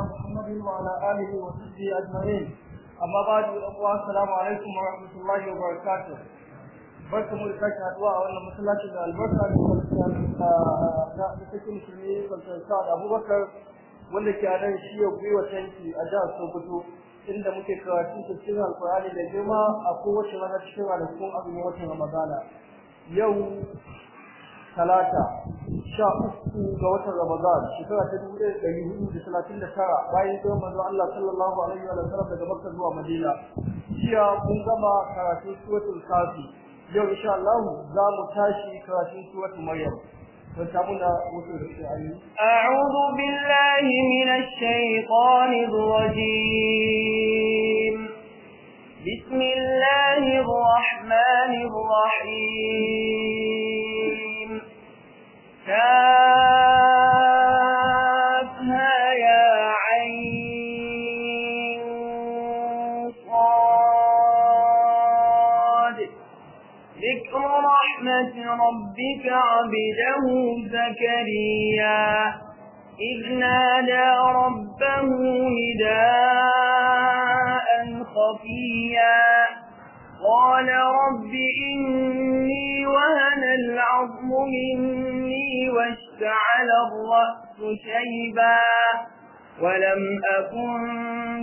محمد وعلى آله وصحبه أجمعين أما بعد السلام عليكم ورحمة الله وبركاته بس مركز أدواء a wannan masallacin da albarka da kwalta musulmi da abubakar wanda ke nan shi ya gwiwa tanki a jihar sokoto inda muke karatu tafsirin alkur'ani da girma a kowace rana cikin watan ramadana yau talata sha uku ga watan Ramadan shekara ta dubu ɗaya ɗari hudu da talatin da tara bayan zuwan manzo Allah sallallahu alaihi wa sallam daga Makka zuwa Madina. Jiya mun gama karatun suratul Kafi. Yau insha Allah za mu tashi karatun suratul Maryam. أعوذ بالله من الشيطان الرجيم بسم الله الرحمن الرحيم كافها يا عين صاد ذكر رحمة ربك عبده زكريا إذ نادى ربه نداء خفيا قال رب إني وهن العظم مني واشتعل الرأس شيبا ولم أكن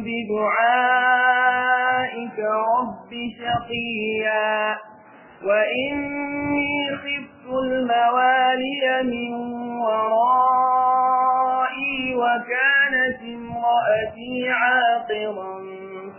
بدعائك رب شقيا وإني خفت الموالي من ورائي وكانت امرأتي عاقرا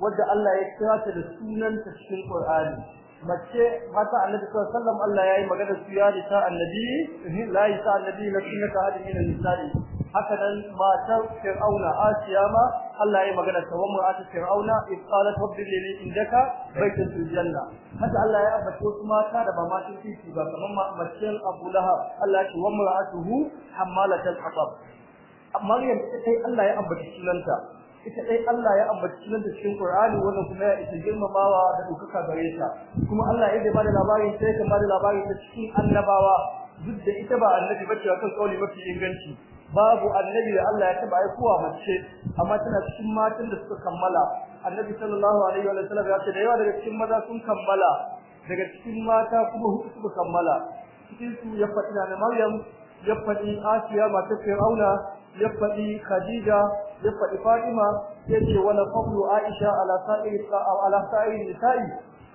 wadda Allah ya kira ta da sunanta cikin Qur'ani mace mata annabi sallallahu alaihi wasallam Allah yayi magana su ya ta annabi la ta annabi lakinna ta hadin min nisa'i haka nan matar Fir'auna Asiya ma Allah yayi magana ta wa mu'at Fir'auna in qalat rabbi li indaka baytun fil janna haka Allah ya ambace su mata da ba ma su fifi ba kamar mace Abu Lahab Allah ya ce wa mu'atuhu hammalatul hatab Maryam sai Allah ya ambace sunanta ita dai Allah ya ambaci cikin da cikin Qur'ani wannan kuma ya isa girmamawa da dukaka gare ta kuma Allah ya bada labarin sai ka bada da labarin ta cikin annabawa duk da ita ba annabi bace kan kauli mafi inganci babu annabi da Allah ya taba aikowa mace amma tana cikin matan da suka kammala annabi sallallahu alaihi wa sallam ya ce da yawa daga cikin maza sun kammala daga cikin mata kuma hudu suka kammala cikin su ya faɗi na Maryam ya faɗi Asiya matar Fir'auna ya faɗi Khadija ya faɗi Fatima ya ce wala fadlu Aisha ala sa'iri ala sa'iri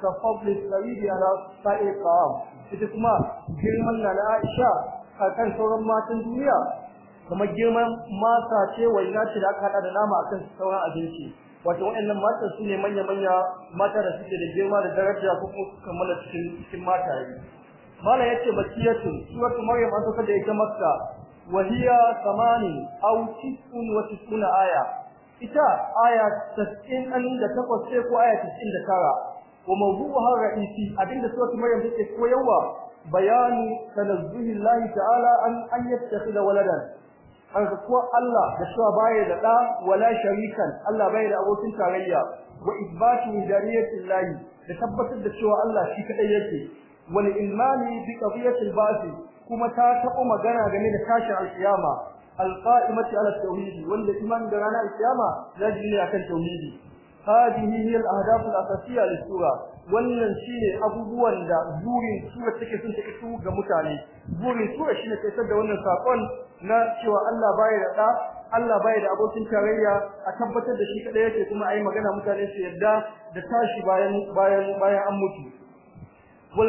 ka fadli sa'iri ala sa'iri qam ita kuma girman na Aisha a kan sauran matan duniya kamar girman mata ce waina ce da aka hada da nama akan sauran abinci wato waɗannan mata su ne manya-manya mata da suke da girma da daraja ko kuma kammala cikin cikin mataye mala yace bakiyatu suratu maryam an saka da ita makka وهي ثمان أو تسع وتسعون آية إتا آية تسعين أن تقوى da آية تسعين دكارة وموضوعها الرئيسي أبين سورة مريم تسعين يوى بيان تنزه الله تعالى أن أن يتخذ ولدا an kuwa Allah da cewa baya da da wala sharikan Allah baya da abokin tarayya wa isbatu hidariyatillahi da tabbatar da cewa Allah shi kadai yake wal ilmani bi qadiyatil ba'th kuma ta taɓa magana game da tashin alƙiyama alqa'imati ala tauhidi wanda iman da ranar alƙiyama zai yi akan tauhidi hadihi hiya al-ahdaf al-asasiyya lis-sura wannan shine abubuwan da burin sura take son take su ga mutane burin sura shine kai da wannan sakon na cewa Allah bai da da Allah bai da abokin tarayya a tabbatar da shi kadai yake kuma yi magana mutane su yadda da tashi bayan bayan bayan an mutu wal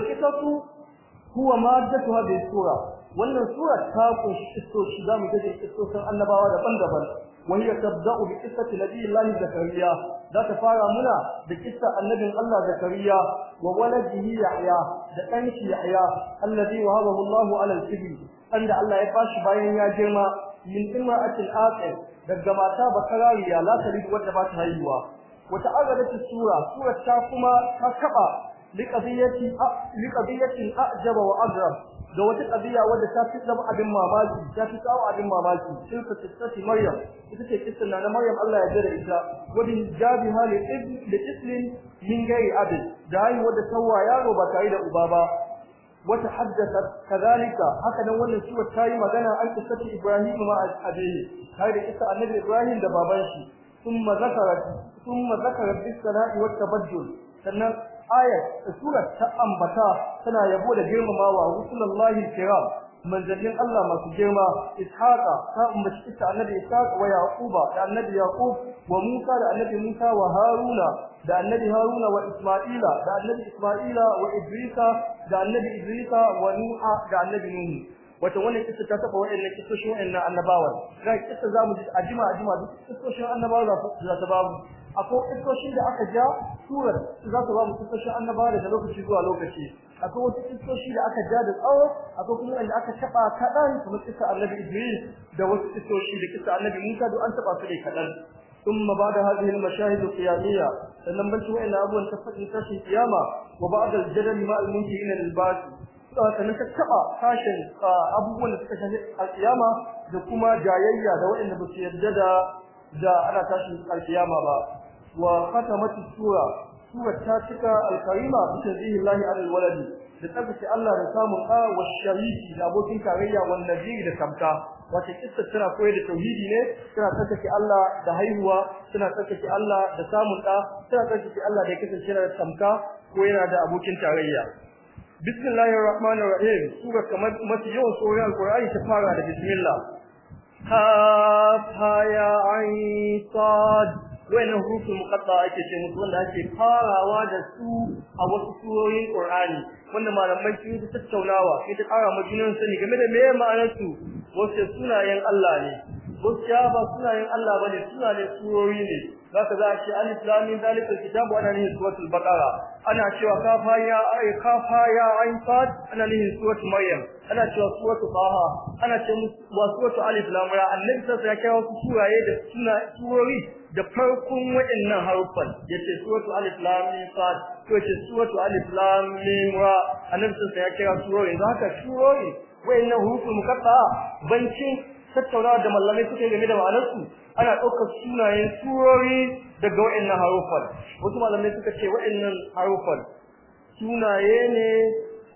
huwa maddatuha bi sura wannan sura ta kunshi kisoshi mu ga kisosin annabawa daban-daban wanda tabda'u bi qissati nabiyillahi zakariya za ta fara muna da kissa annabin Allah zakariya wa waladihi yahya da dan shi yahya alladhi wahabahu Allahu ala al-kibri anda Allah ya bashi bayan ya girma min imra'atil aqil daga mata bakarariya la taridu wadda ba ta haihuwa wata agadatu sura sura ta kuma ta kaba liqadiyati liqadiyati ajaba wa agrab da wata kabiya wadda ta fi zama abin mamaki ta fi kawo abin mamaki maryam ita ce kissan na maryam Allah ya jira ita wadin jabi hali da islin min gairi abin da ai wadda sawa yaro ba tare da uba ba wata haddasa kadalika haka nan wannan ta yi magana an qissati ibrahim ma abihi kai da annabi ibrahim da baban shi ثم ذكرت ثم ذكرت بالثناء والتبجل sannan ayat surat ta ambata tana yabo da girmamawa rasulullahi kiram manzalin Allah masu girma ishaqa ta ummaci ita annabi ishaq wa yaquba da annabi yaqub wa musa da annabi musa wa haruna da annabi haruna wa isma'ila da annabi isma'ila wa idrisa da annabi idrisa wa nuha da annabi nuh wato wannan kisa ta saba wa'annan kissoshin wa'annan annabawa ga kissa zamu ji ajima ajima duk kissoshin annabawa za ta babu akwai kissoshin da aka ja surar za ta babu kissoshin annabawa daga lokaci zuwa lokaci akwai wasu kissoshi da aka ja da tsawo akwai kuma wanda aka taba kaɗan kuma kissa annabi Idris da wasu kissoshi da kissa annabi Musa duk an taba su da kadan ثم بعد هذه المشاهد القيامية سننبت إلى أبوان تفت من تشي القيامة وبعد الجدل مع المنكرين للباطل sannan ka taba sashin abubuwan da suka shafi alkiyama da kuma jayayya da waɗanda ba su yarda da da ana tashin alkiyama ba wa khatamat sura sura ta cika alkarima bi tazihillahi alal waladi da tsabtace Allah da samun a wa shariki da abokin tarayya wa nadiri da samka wace kissa tana koyar da tauhidi ne tana tsakake Allah da haihuwa tana tsakake Allah da samun da tana tsakake Allah da kisan yana da tamka ko yana da abokin tarayya bismillahir rahmanir rahim ga kamar mafi yawan tsoron alqur'ani ta fara da bismillah ha ha ya ain sad wannan hurufin muqatta ake ce musu wanda ake farawa da su a wasu surorin qur'ani wanda malamai sun tattaunawa sai ta ƙara majunan sani game da me ma'anar su wasu sunayen Allah ne gaskiya ba sunayen Allah bane sunayen surori ne zaka za a ce alif lam mim zalikal kitab wa anani suratul baqara ana cewa kafa ya ay kafa ya ain sad anani suratul maryam ana cewa suratul taha ana cewa wa suratul alif lam ra annabi sai ya kawo su suraye da suna surori da farkon waɗannan harufan yace suratul alif lam mim sad to yace suratul alif lam mim ra annabi sai ya kawo surori zaka surori wayannan hurufin mukatta bancin tattaunawa da mallamai suka yi game da ma'anarsu ana ɗaukar sunayen surori daga wa'annan harufan wasu mallamai suka ce wa'annan harufan sunaye ne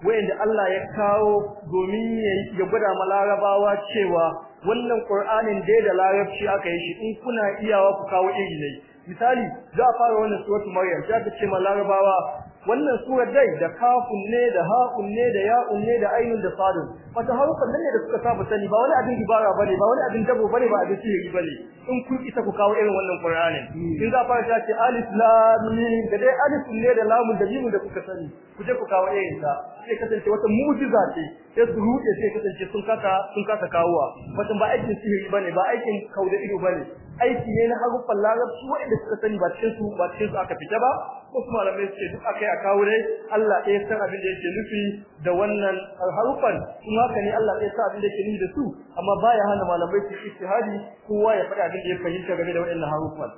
wa'anda Allah ya kawo domin ya gwada ma larabawa cewa wannan ƙur'anin dai da larabci aka yi shi in kuna iyawa ku kawo iri ne misali za a fara wannan suratul maryam za ta ce ma larabawa wannan surar dai da kafun ne da haƙun ne da ya'un ne da ainun da sadun wata haukan nan ne da suka saba sani ba wani abin ibara bane ba wani abin dabo bane ba abin sihiri bane in kun isa ku kawo irin wannan qur'anin in za fara ta ce alif lam mim da dai alif ne da lam da mim da kuka sani ku je ku kawo irin ta sai kasance wata mu'jiza ce sai su rude sai kasance sun kasa sun kasa kawowa wata ba aikin sihiri bane ba aikin kauda ido bane aiki ne na haruffan larabci waɗanda suka sani ba cikin su ba cikin su aka fita ba kuma wasu malamai suke duk akai a kawo Allah ɗaya san abin da yake nufi da wannan haruffan kuma haka ne Allah ɗaya san abin da yake nufi da su amma ba ya hana malamai su istihadi kowa ya faɗi abin da ya fahimta game da wannan haruffan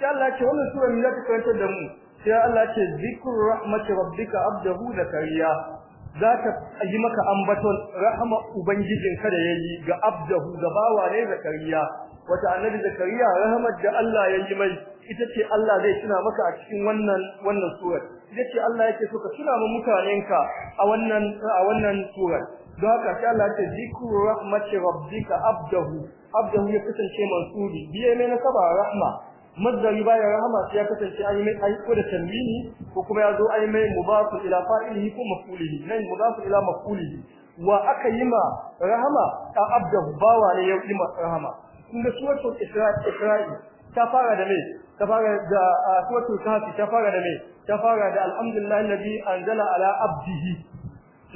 sai Allah ce wannan sura ne za karanta karantar da mu sai Allah ce zikr rahmat rabbika abdahu zakariya zaka yi maka ambaton rahama ubangijinka da yayi ga abdahu ga bawa ne zakariya wata annabi zakariya rahmat da Allah ya yi mai ita ce Allah zai tuna maka a cikin wannan wannan surar ita ce Allah yake so ka tuna mu mutanenka a wannan a wannan surar don haka sai Allah ya ce zikru rahmati rabbika abdahu abdahu ya kasance mansuri biye mai nasaba rahma mazdari baya rahama sai ya kasance an yi mai ko da tanwini ko kuma ya zo an yi mai mudafu ila fa'ilihi ko maf'ulihi nan mudafu ila maf'ulihi wa aka yi ma rahama A abdahu bawa ne ya yi ma rahama kun ga suratul isra'i ta fara da me ta fara da suratul kahfi ta fara da me ta fara da alhamdulillahi alladhi anzala ala abdihi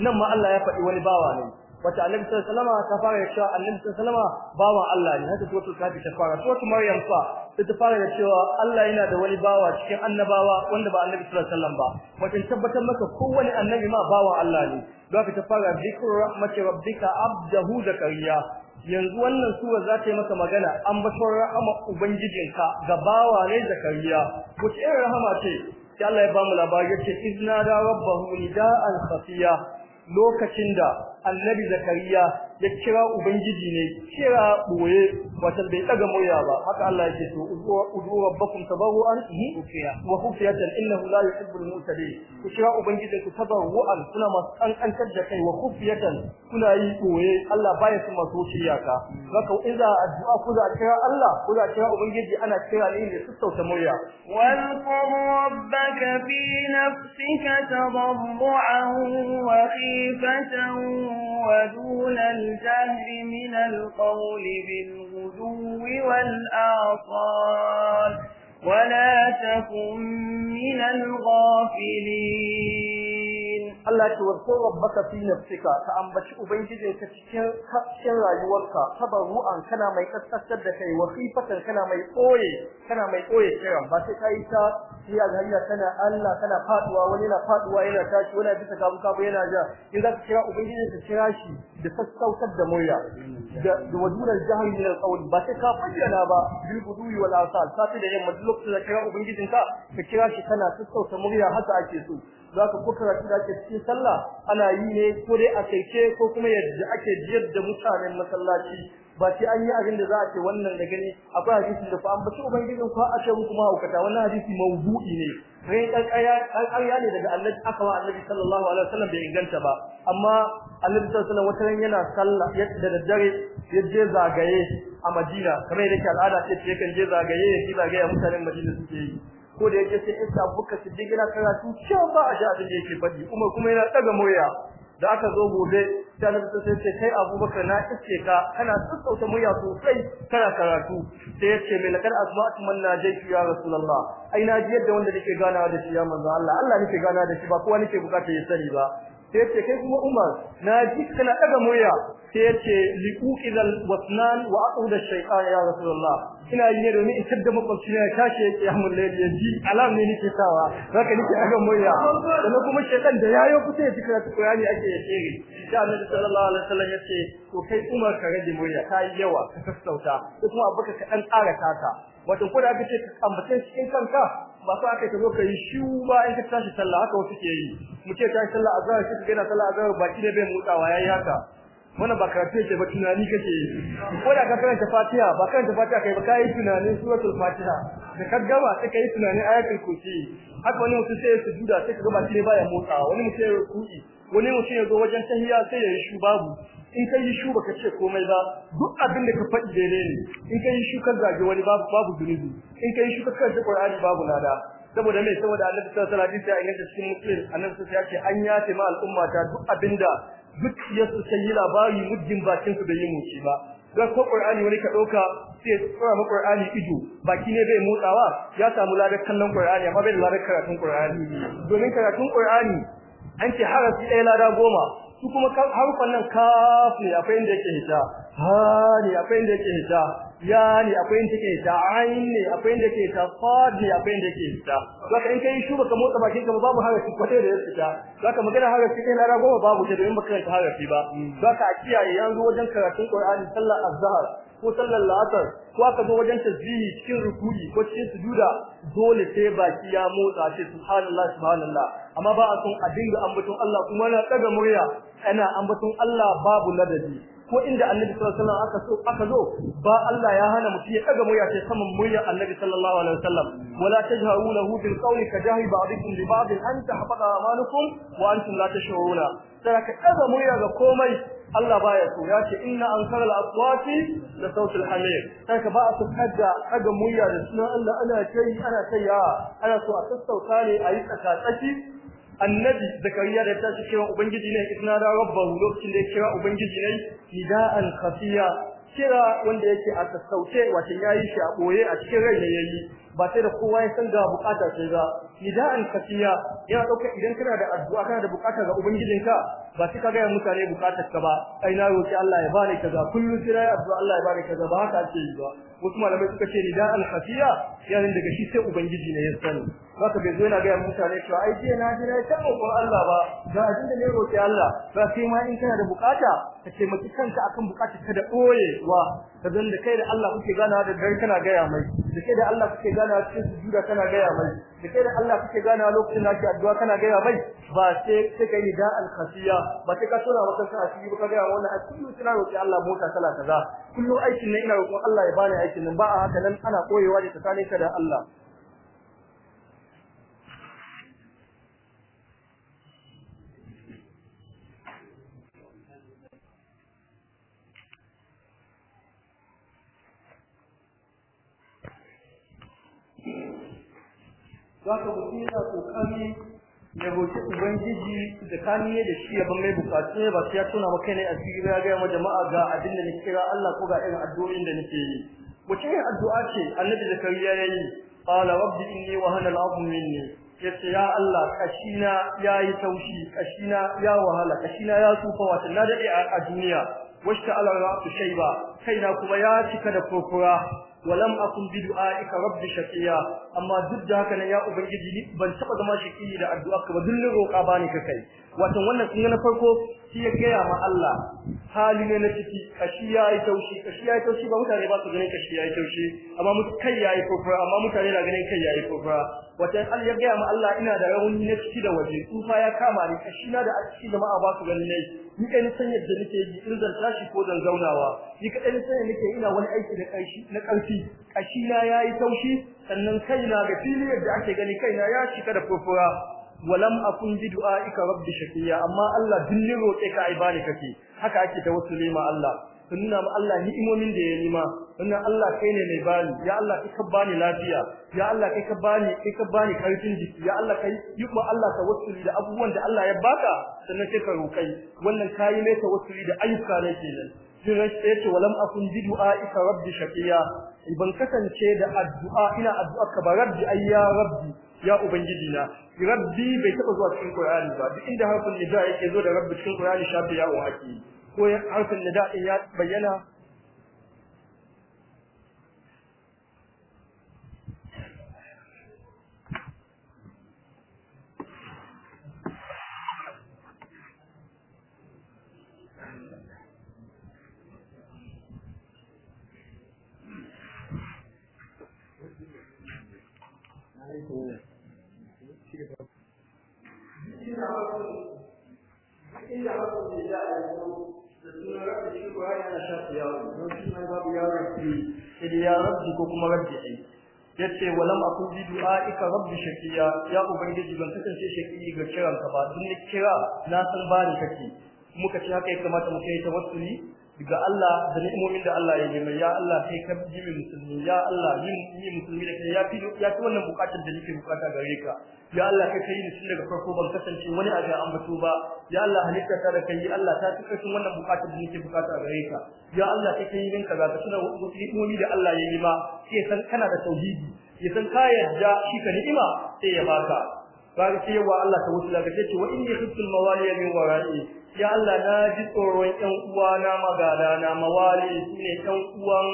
nan ma Allah ya faɗi wani bawa ne wata annabi sallallahu ta fara da cewa annabi sallallahu alaihi bawa Allah ne haka suratul kahfi ta fara suratul maryam fa ta fara da cewa Allah yana da wani bawa cikin annabawa wanda ba annabi sallallahu ba wata tabbatar maka kowanne annabi ma bawa Allah ne zaka ta fara zikru rahmati rabbika abdahu zakariya yanzu wannan sura za ta yi masa magana an batar rahama ubangijinka ga bawa ne zakariya ko ce rahama ce sai Allah ya bamu labari yace izna da rabbahu al khafiya lokacin da annabi zakariya ya kira ubangiji ne kira boye wata bai daga murya ba haka Allah yake to udu rabbakum tabarruan wa khufiyatan innahu la yuhibbul mutadin ku kira ubangiji ku tabarruan kuna masu kankantar da kai wa khufiyatan kuna yi boye Allah baya su masu shiyaka haka in za addu'a ku za kira Allah ku za kira ubangiji ana kira ne da sassauta murya wal rabbaka fi nafsika tabarruan wa khifatan wa duna الجهر من القول بالغدو والآصال ولا تكن من الغافلين الله تذكر ربك في نفسك فأنبش أبنجدك تشكر رأيوك تبرعا كان ما يكسر دكي وخيفة كان ما يقوي كان ما يقوي كرم بس كايتا sai a hanya tana Allah tana faduwa wani yana faduwa yana tashi wani bisa kabu kabu yana ja in za ka kira ubangiji ka kira shi da sassautar da murya da wadura jahil min alqawl ba sai ka fayyana ba bil qudwi wal asal sai da yamma duk da kira ubangijin ka ka kira shi kana sassautar murya haka ake so Za ka karatu da ake cikin sallah ana yi ne ko dai a kaice ko kuma yadda ake jiyar da mutanen masallaci ba ce an yi abin da za a ce wannan da gani akwai hadisi da fa an bace ubangijin ko a ce muku kuma haukata. wannan hadisi mawdu'i ne sai dan ƙarya ne daga Allah aka wa Annabi sallallahu alaihi wasallam bai inganta ba amma Annabi sallallahu alaihi wasallam yana sallah yadda da dare ya je zagaye a Madina kamar yadda ke al'ada ce ce kan je zagaye ya zagaye mutanen Madina suke yi ko da yake sai Isa buka su gida karatu cewa ba a ji abin da yake faɗi kuma kuma yana daga moya da aka zo gobe da Annabi sai ce kai Abubakar na iske ka kana sassauta murya sosai kana karatu sai yace mai lakar asma'atu man najaitu ya Rasulullah ai na ji yadda wanda nake ganawa da shi ya manzo Allah Allah nake gana da shi ba kowa nake bukata ya sani ba sai yace kai kuma Umar na ji kana daga murya sai yace liqilal wasnan wa aqud ash-shaytan ya rasulullah ina yi ne domin in tabda makwabci ya tashi yake yamul ya ji alam ne nake sawa haka nake daga murya dan kuma shaytan da yayo kusa ya tikira Qur'ani ake ya shege sai Annabi sallallahu alaihi wasallam yace to kai Umar ka rage murya ta yi yawa ka sassauta kuma abuka ka dan tsara kaka wato ko da aka ce ka ambace cikin kanka ba sa aka ta zo kai shi ba in ka tashi sallah haka wasu ke yi mu ce ta sallah azhar kika a sallah azhar baki ne bai mutsawa yayi haka mana ba karatu yake ba tunani kake yi ko da ka karanta fatiha ba karanta fatiha kai ba kai tunani suratul fatiha da ka gaba sai kai tunanin ayatul kursi haka wani mutum sai ya sujuda sai ka gaba shi bai ya motsawa wani mutum ya ku'i wani mutum ya zo wajen tahiyya sai ya yi shu babu in kai yi shu ka ce komai ba duk abin da ka faɗi daidai ne in kai yi shuka zage wani babu babu dunubi in kai yi shuka ka ce Qur'ani babu lada saboda mai saboda Annabi sallallahu alaihi wasallam ya inganta cikin Muslim Annabi sai ya ce an yace ma al'umma ta duk abinda duk yasu sai yi labari muddin bakin su bai yi muci ba Ga ko Qur'ani wani ka dauka sai ya tsara ma Qur'ani ido baki ne bai motsawa ya samu ladar kallon Qur'ani amma bai da ladar karatun Qur'ani domin karatun Qur'ani an ce harafi ɗaya lada goma su kuma harfan nan kaf ne akwai inda yake hita ha ne akwai inda yake hita ya ne akwai inda yake hita ain ne akwai inda yake hita fa ne akwai inda yake hita ka in kai shuba ka motsa bakin ka babu harafi kwatai da ya fita zaka magana harafi kai lara goma babu ta domin baka karanta harafi ba mm. zaka a kiyaye yanzu wajen karatun Qur'ani sallar azhar ko sallar la'asar ko aka zo wajen tasbihi cikin rukuyi ko cikin sujuda dole sai baki ya motsa ce subhanallah subhanallah amma ba a son a dinga ambaton Allah kuma na daga murya ana ambaton Allah babu ladabi ko inda annabi sallallahu alaihi wasallam aka so aka zo ba Allah ya hana mu ya daga murya sai saman murya annabi sallallahu alaihi wasallam wala tajharu lahu bil qawli jahi ba'dikum li ba'd an tahbata amalukum wa antum la tashuruna sai ka daga murya ga komai Allah baya so ya ce inna ankara al-aswati da sautul hamir sai ka ba a kaga kaga murya da sunan Allah ana kai ana kai yawa, ah, ana so a sassauta ne a yi tsakatsaki annabi zakariya da ta ce ubangiji ne isna da rabbahu lokacin da ya kira ubangiji ne nida'an khafiya kira wanda yake a sassauce wato yayi shi a boye a cikin rai ne yayi ba sai da kowa ya san ga bukata sai ga nida'an kafiya yana dauka idan kana da addu'a kana da bukata ga ubangijinka ba sai ka ga mutane bukatar ka ba ai na roki Allah ya bani kaza kullu ya addu'a Allah ya bani kaza ba haka ake yi ba wasu malamai suka ce nida'an kafiya yana daga shi sai ubangiji ne ya sani zaka bai zo yana ga mutane cewa ai je na jira ta roƙon Allah ba ga abin da ne roƙe Allah ba sai ma in kana da bukata ka ce miki kanka akan bukatar ka da ɓoyewa ka zan da kai da Allah kuke ganawa da dare kana gaya mai da kai da Allah kuke ganawa cikin sujuda kana gaya mai da kai da Allah kuke ganawa lokacin da kake addu'a kana gaya mai ba sai sai kai da al-khasiya ba sai ka tura maka sa asiri ba ka gaya wannan cikin kana roƙe Allah mota sala kaza kullu aikin nan ina roƙon Allah ya bani aikin nan ba a haka nan ana koyewa da ka da Allah za ka mutum yana kokari ya roƙi ubangiji da kaniye da shi ya ban mai bukatu ne ba sai ya tuna maka ne asiri ba ya gaya ma jama'a ga abin da nake kira Allah ko ga irin addu'o'in da nake yi mutum yin addu'a ce annabi Kariya ya yi qala rabbi inni wahana al minni yace ya Allah kashina yayi taushi kashina ya wahala kashina ya tsufa wata na dade a duniya washta'ala ba kai na kuma ya cika da furfura walam akun bi du'aika rabbi shaqiya amma duk da haka ne ya ubangiji ni ban taba zama shaqi da addu'a ka ba dillin roƙa bani ka kai wato wannan kun ga na farko shi ya gaya ma Allah hali ne na ciki kashi yayi taushi kashi yayi taushi ba mutane ba su ganin kashi yayi taushi amma mut kai yayi kofara amma mutane na ganin kai yayi kofara wato Allah ya gaya ma Allah ina da rauni na ciki da waje tsufa ya kama ni kashi na da a ciki jama'a ba su ganin ni kai san yadda nake yi in zan tashi ko zan zaunawa ni kai san yadda nake ina wani aiki da kashi na karfi kashi na yayi taushi sannan kaina ga fili yadda ake gani kaina ya shika da furfura, walam akun du'a ika rabbi shakiya amma Allah dillin roke ka ai bani kake haka ake tawassuli ma Allah sun nuna ma Allah ni'imomin da ya nima sannan Allah kai ne mai bani ya Allah kai ka bani lafiya ya Allah kai ka bani kai ka bani karfin jiki ya Allah kai yi ma Allah tawassuli da abubuwan da Allah ya baka sannan sai ka roƙai wannan kayi mai tawassuli da ayyuka ne kenan sai rashin yace walam akun bi du'aika rabbi shaqiya ban kasance da addu'a ina addu'a ka ba rabbi ayya rabbi ya ubangiji na rabbi bai taba zuwa cikin qur'ani ba duk inda harfin nida yake zo da rabbi cikin qur'ani shafi ya wa hakiki ko harfin nida din ya bayyana Thank you. da rabbi shi ko yana shafi yaro don shi mai babu yaro ki idan ya rabbi ko kuma rabbi ai yace walam akun bi du'aika rabbi shakiya ya ubangiji ban kasance shaki ga ka ba ya kira na san ba ni kake muka ce haka ya kamata mu kai tawassuli daga Allah da ni'imomin da Allah ya yi ya Allah kai ka ji musulmi ya Allah yin yin musulmi da kai ya fi ya wannan bukatar da nake bukata gare ka ya Allah kai kai ni daga farko ban kasance wani a ga ambato ba ya Allah halitta ta da kai Allah ta fi kashin wannan bukatar da nake bukata gare ka ya Allah kai kai min kaza ka tuna ni'imomi da Allah ya yi ma sai san kana da tauhidi ya san ka yarda shi ka ni'ima sai ya baka kaga cewa Allah ta wuce daga ce wa inni khiftul mawaliya min wara'i ya Allah na ji tsoron ƴan na magana na mawali ne ƴan uwan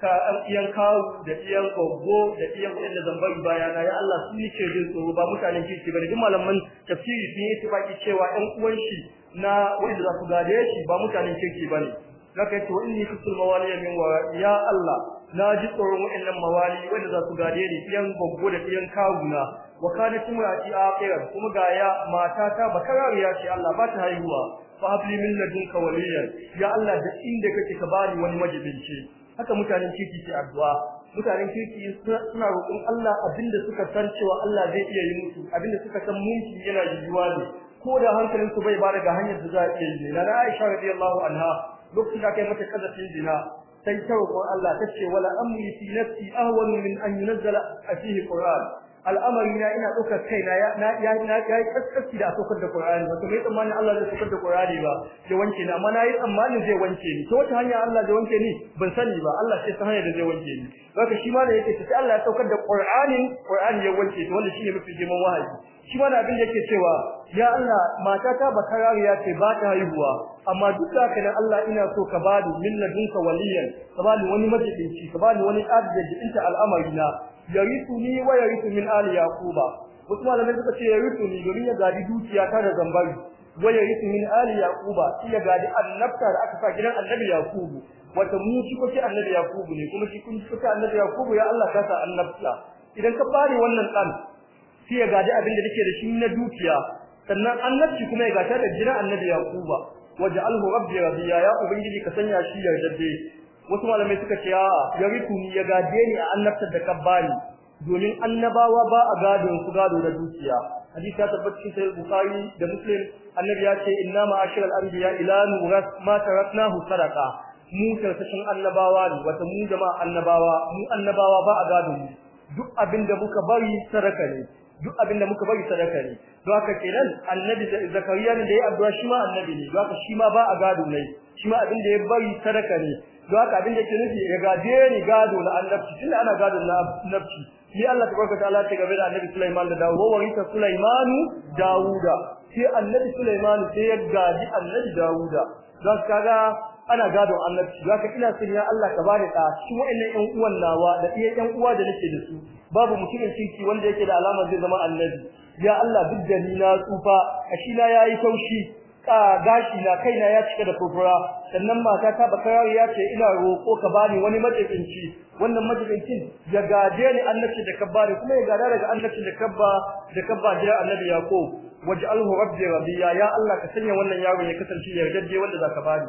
ka iyan kawo da ɗiyan gogo da iyan wanda zambar baya na ya Allah su ne jin tsoro ba mutanen kirki bane duk malaman tafsiri sun yi tafaki cewa ɗan uwan shi na wanda za su gade shi ba mutanen kirki ne. zaka yi to inni kusul mawali min wa ya Allah na ji tsoron wa'annan mawali wanda za su gade ni 'yan gogo da 'yan kawo na wa kana a akhirah kuma ga ya ta bakarariya ce Allah ba ta haihuwa fa habli min ladunka waliyan ya Allah da inda kake ka bani wani majibinci haka mutanen kirki ke addu'a mutanen kirki suna roƙon Allah abinda suka san cewa Allah zai iya yi musu abinda suka san mumkin yana yiwuwa ne ko da hankalin su bai ba daga hanyar da za a iya yi na Aisha radiyallahu anha lokacin da kai mata kazafin zina sai ta roƙon Allah tace wala amli fi nafsi ahwan min an yunzala fihi qur'an al'amari na ina ɗaukar na ya ya ya kaskaski da sokar da Qur'ani wato mai tsammanin Allah zai sokar da Qur'ani ba ya wanke ni amma nayi tsammanin zai wanke ni to wata hanya Allah zai wanke ni ban sani ba Allah sai ta hanya da zai wanke ni haka shi ma da yake sai Allah ya saukar da Qur'ani Qur'ani ya wanke to wanda shine mafi girman wahayi shi ma da abin da yake cewa ya Allah matata bakarariya ce ba ta haihuwa amma duk da kana Allah ina so ka bani min ladunka waliyan ka bani wani majidinci ka bani wani inta al'amari al'amarina yarithuni wa yarithu min ali yaquba wasu malamai suka ce yarithuni domin ya gadi dukiya ta da zambari wa yarithu min ali yaquba shi ya gadi annabta da aka sa gidan annabi yaqubu wata mu shi kuke annabi yaqubu ne kuma shi kun kuke annabi yaqubu ya Allah ka sa annabta idan ka fare wannan dan shi ya gadi abin da nake da shi na dukiya sannan annabci kuma ya gata da gidan annabi yaquba waj'alhu rabbi radiya ya ubangiji ka sanya shi yardabe wasu malamai suka ce a yari ni ya gade ni a annabtar da kabbani domin annabawa ba a gadon su gado da dukiya hadisi ya tabbata cikin sahih bukhari da muslim annabi ya ce inna ma ashiral anbiya ila nuras ma taraknahu sadaqa mu tarsashin annabawa ne wata mu jama'a annabawa mu annabawa ba a gado mu duk abinda muka bari sadaka ne duk abinda muka bari sadaka ne don haka kenan annabi zakariya ne da ya addu'a shi ma annabi ne don haka shi ma ba a gado ne shi ma abinda ya bari sadaka ne don haka abin da yake nufi ya gaje ni gado na annabci tunda ana gado na annabci shi Allah tabaraka ta'ala ta gabe da annabi Sulaiman da Dawud warisa Sulaimanu Dawuda shi annabi Sulaiman sai ya gaji annabi Dawuda don kaga ana gado annabci don ina son ya Allah ka bani da shi wa'annan ƴan uwan nawa da iya ƴan uwa da nake da su babu mutumin cinki wanda yake da alamar zai zama annabi ya Allah duk da ni na tsufa ashina yayi kaushi gashi na kaina ya cika da furfura sannan mata ta bakarawi ya ce ina roko ka bani wani majibanci wannan majibancin ya gade ni annabi da kabbari kuma ya gada daga annabi da kabba da kabba jira annabi yaqub waj'alhu rabbi rabbiya ya Allah ka sanya wannan yaro ya kasance yardajje wanda zaka bani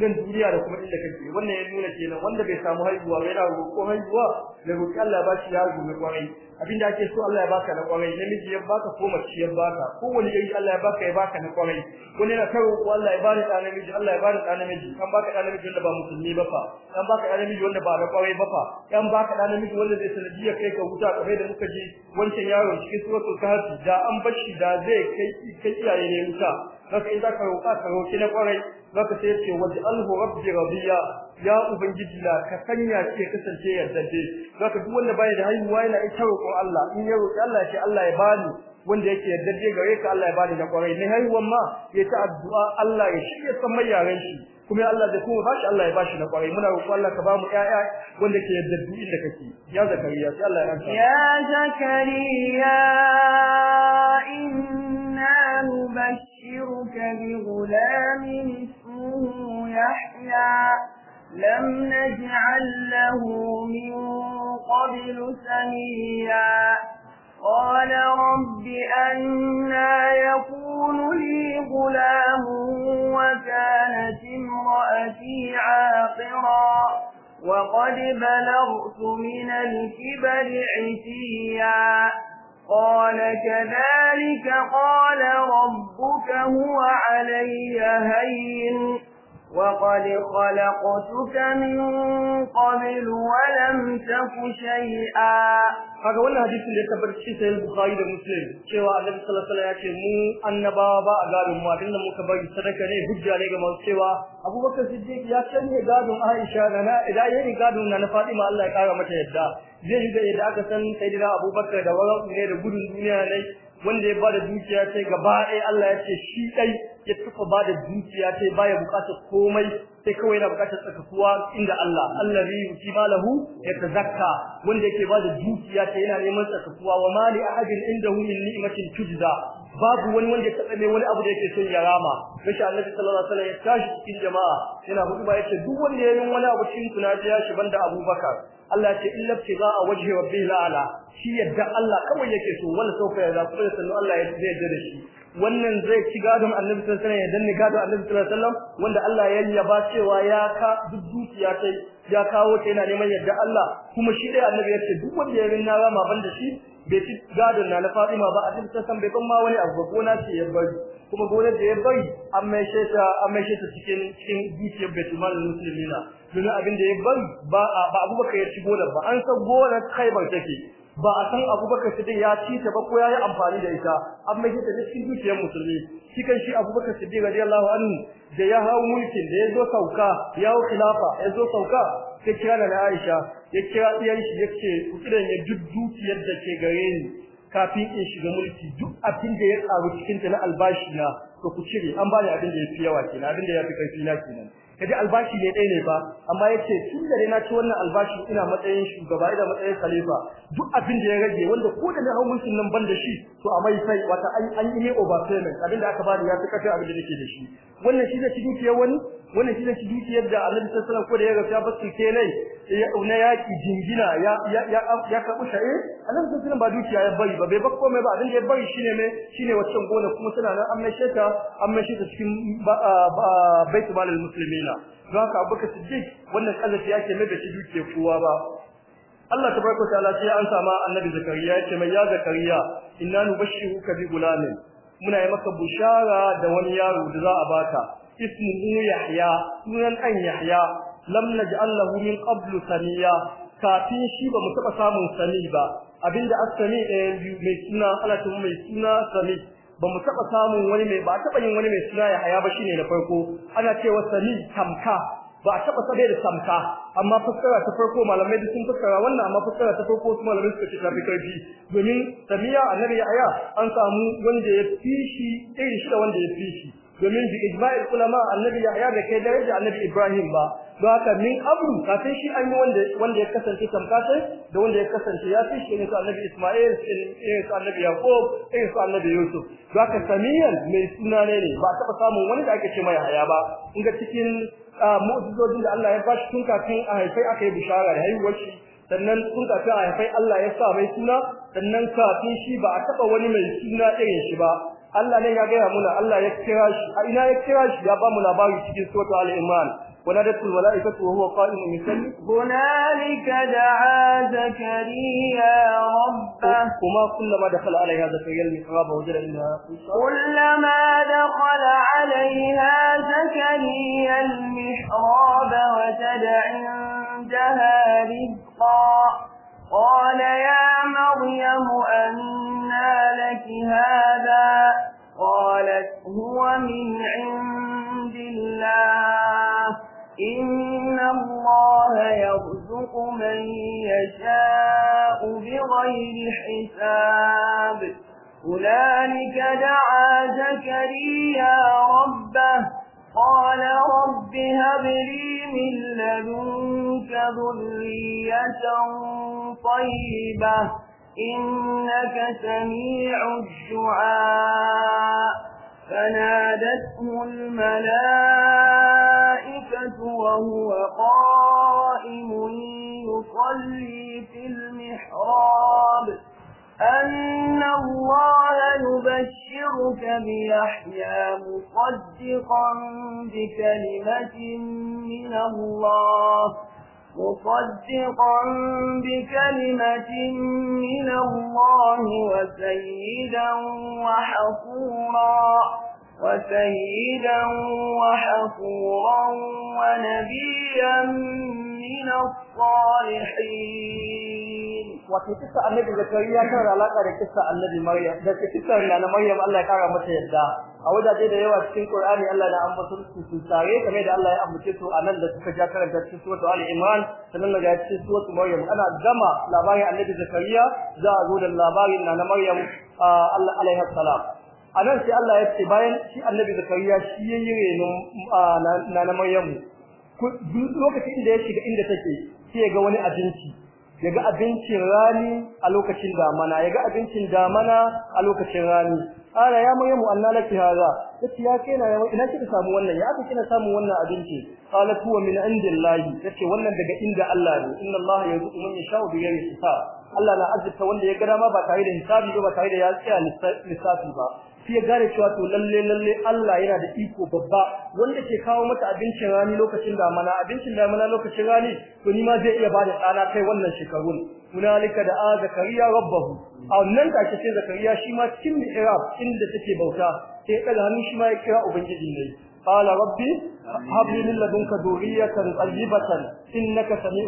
nan duniya da kuma inda kake wannan ya nuna kenan wanda bai samu haihuwa bai da roƙo haihuwa da roƙi Allah ya bashi yaro mai kwarai abinda ake so Allah ya baka na kwarai namiji ya baka ko mace ya baka ko wani yayi Allah ya baka ya baka na kwarai wani na karo ko Allah ya bani da namiji Allah ya bani da namiji kan baka da namiji wanda ba musulmi ba fa kan baka da namiji wanda ba na kwarai ba fa kan baka da namiji wanda zai sanadiya kai ka huta kai da muka ji wancan yaron cikin suratul kahfi da an bashi da zai kai kai iyaye ne wuta haka in ka roƙa ka roƙi na kwarai zaka sai ce waj'alhu rabbi radiya ya ubangiji la ka sanya ce kasance yardade zaka duk wanda bai da haihuwa yana ita roƙon Allah in ya roƙi Allah ce Allah ya bani wanda yake yardade gare ka Allah ya bani da kwarai ne haihuwan ma ya ta addu'a Allah ya ya san mai yaren shi kuma Allah da kuma bashi Allah ya bashi da kwarai muna roƙo Allah ka bamu ƴaƴa wanda ke duk inda kake ya zakariya sai Allah ya ranta ya zakariya لم نجعل له من قبل سميا قال رب أنا يكون لي غلام وكانت امرأتي عاقرا وقد بلغت من الكبر عتيا قال كذلك قال ربك هو علي هين وقد خلقتك من قبل ولم تك شيئا kaga wannan hadisin da ya tabbata shi sahih bukhari da muslim cewa annabi sallallahu alaihi wasallam ya ce mu annabawa ba a gadon mu abinda muka bari sadaka ne hujja ne ga masu cewa abubakar siddiq ya canje gadon aisha da na idan ya yi gadon na fatima Allah ya kara mata yadda zai yi da yadda aka san sayyidina abubakar da wani ne da gudun duniya ne wanda ya bada dukiya sai gaba ɗaya Allah ya ce shi ɗai ya tufa bada dukiya sai baya bukatar komai sai kawai yana bukatar tsakakuwa inda Allah allazi yuti malahu zakka wanda yake bada dukiya sai yana neman tsakakuwa wa mali ahadin indahu min ni'matin tujza babu wani wanda ya taɓa mai wani abu da yake son ya rama kashi annabi sallallahu alaihi wasallam ya tashi cikin jama'a yana hukuma yace duk wanda ya yi wani abu cikin kuna biya shi banda Abubakar Allah ya ce illa tiga a wajhi rabbil ala shi yadda Allah kawai yake so wala sauka ya zaku da sannu Allah ya zai da shi wannan zai ci gadon annabi sallallahu alaihi wasallam ya danne gadon annabi sallallahu alaihi wasallam wanda Allah ya yaba cewa ya ka duk dukiya kai ya kawo ta yana neman yadda Allah kuma shi dai annabi ya ce duk wanda ya na rama banda shi bai ci gadon na Fatima ba a cikin san bai kuma wani abu gona ce ya bari kuma gonar da ya bari an mai ta an mai ta cikin cikin dukiyar musulmi na don abin da ya bari ba ba Abubakar ya ci gonar ba an san gonar Khaibar take ba a san Abubakar Siddiq ya ci ta ba ko ya yi amfani da ita an mai ta cikin dukiyar musulmi shi kan shi Abubakar Siddiq radiyallahu anhu da ya hau mulkin da ya zo sauka ya hau khilafa ya zo sauka sai kira na Aisha ya kira diyar shi yace ku ya duk dukiyar da ke gare ni kafin in shiga mulki duk abin da ya tsaro cikin ta na albashi na to ku cire an bani abin da ya fi yawa kenan abin da ya fi karfi na kenan kaje albashi ne dai ne ba amma yace tun da na ci wannan albashi ina matsayin shugaba ina matsayin khalifa duk abin da ya rage wanda ko da na hawo mulkin nan ban da shi to a mai sai wata an an yi overpayment abin da aka bani ya fi karfi abin da nake da shi wannan shi ne ci dukiyar wani wannan shi ne dukiyar da Annabi sallallahu alaihi wasallam ko da ya gafa kenai kelai na yaki jingina ya ya ya kabu sha'i Annabi sallallahu ba dukiya ya bari ba bai ba komai ba abin da ya bari shine ne shine waccan gona kuma tana nan amma sheta amma sheta cikin baitul malil muslimina don haka Abubakar Siddiq wannan kallafi yake mai da shi dukiyar kowa ba Allah tabaraka ta'ala sai an sama Annabi Zakariya yake mai ya Zakariya inna nubashshiruka bi gulamin muna yi maka bushara da wani yaro da za a baka ismuhu yahya sunan an yahya lam naj'al lahu min saniya kafin shi ba mu taba samun sani ba abinda as-sami ɗayan biyu mai suna alatun mai suna sami ba mu taba samun wani mai ba taba yin wani mai suna yahya ba shine na farko ana cewa sami tamka ba taba sabai da tamka. amma fuskara ta farko malamai da sun fuskara wannan amma fuskara ta farko su malamai suka ce ta fi karfi domin samiya annabi ya aya an samu wanda ya fi shi irin shi da wanda ya fi shi domin bi ijma'il ulama annabi Yahya da kai daraja annabi Ibrahim ba don haka min abru kafin shi an yi wanda wanda ya kasance tamkatai da wanda ya kasance ya fi shi ne su annabi Isma'il ne su annabi Yaqub ne su annabi Yusuf don haka samiyan mai suna ne ne ba taba samun wani da ake ce mai haya ba in ga cikin mu'jizojin da Allah ya bashi tun kafin a haifai aka yi bishara da haihuwar shi sannan tun kafin a haifai Allah ya sa mai suna sannan kafin shi ba a taba wani mai suna irin shi ba Allah ne ya gaya muna Allah ya kira shi a ina ya kira shi ya ba mu labari cikin suratul al-imran ونادت الملائكة وهو قائم يصلي هنالك دعا زكريا ربه وما كلما دخل عليها زكريا المحراب وجد إنها كلما دخل عليها زكريا المحراب وجد عندها رزقا قال يا مريم أنى لك هذا قالت هو من عند الله إن الله يرزق من يشاء بغير حساب هنالك دعا زكريا ربه قال رب هب لي من لدنك ذرية طيبة إنك سميع الدعاء فنادته الملائكة وهو قائم يصلي في المحراب أن الله يبشرك بيحيى مصدقا بكلمة من الله مصدقا بكلمة من الله وسيدا وحصورا وسيدا وحصورا ونبيا من الصالحين wato kissa annabi zakariya tana da alaka da kissa annabi maryam da kissa na maryam Allah ya kara mata yadda a wajaje da yawa cikin qur'ani Allah na ambato su tare kame da Allah ya ambace su anan da suka ja karanta cikin suratul ali imran sannan daga cikin suratul maryam ana gama labarin annabi zakariya za a zo da labarin annabi maryam Allah alaiha salam anan sai Allah ya ce bayan shi annabi zakariya shi yayin renon na na maryam lokacin da ya shiga inda take sai ga wani abinci yaga abincin rani a lokacin damana yaga abincin damana a lokacin rani ala ya maryamu anna laki hada yace ya kaina ina kika samu wannan ya aka kina samu wannan abinci qala huwa min indillahi yace wannan daga inda Allah ne inna Allah yarzuqu man yasha'u bighayri hisab Allah na azurta wanda ya ga dama ba tare da hisabi ba tare da ya tsaya lissafi ba sai ya gane cewa to lalle lalle Allah yana da iko babba wanda ke kawo mata abincin rani lokacin damana abincin damana lokacin rani to ni ma zai iya bada tsana kai wannan shekarun hunalika da azakariya rabbahu a wannan take zakariya shi ma cikin mi'rab inda take bauta sai ya daga hannu shi ma ya kira ubangiji ne قال rabbi هب لي من لدنك ذرية innaka إنك سميع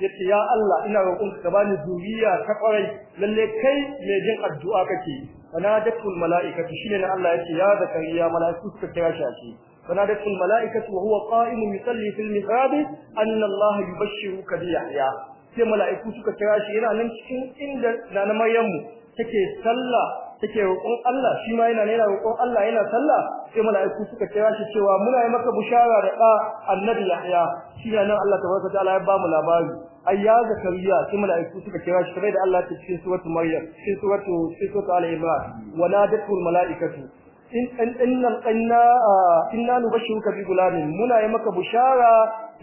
yace ya Allah ina roƙonka ka bani zuriya ta kwarai lalle kai mai jin addu'a kake fanadatul mala'ikatu shine na Allah ce ya zakariya mala'iku suka kira shi a shi fanadatul mala'ikatu wa huwa qa'imun yusalli fil mihrab anna Allah yubashshiruka bi yahya sai mala'iku suka kira shi yana nan cikin inda na Maryamu take sallah yake roƙon Allah shi ma yana nera roƙon Allah yana sallah sai mala'iku suka kira shi cewa muna yi maka bushara da da annabi Yahya shi ne nan Allah tabaraka ta'ala ya ba mu labari ayya zakariya sai mala'iku suka kira shi kamar da Allah ta cikin suratu maryam cikin suratu cikin suratu al-imran mala'ikatu in inna inna inna nubashshiruka bi gulamin muna yi maka bushara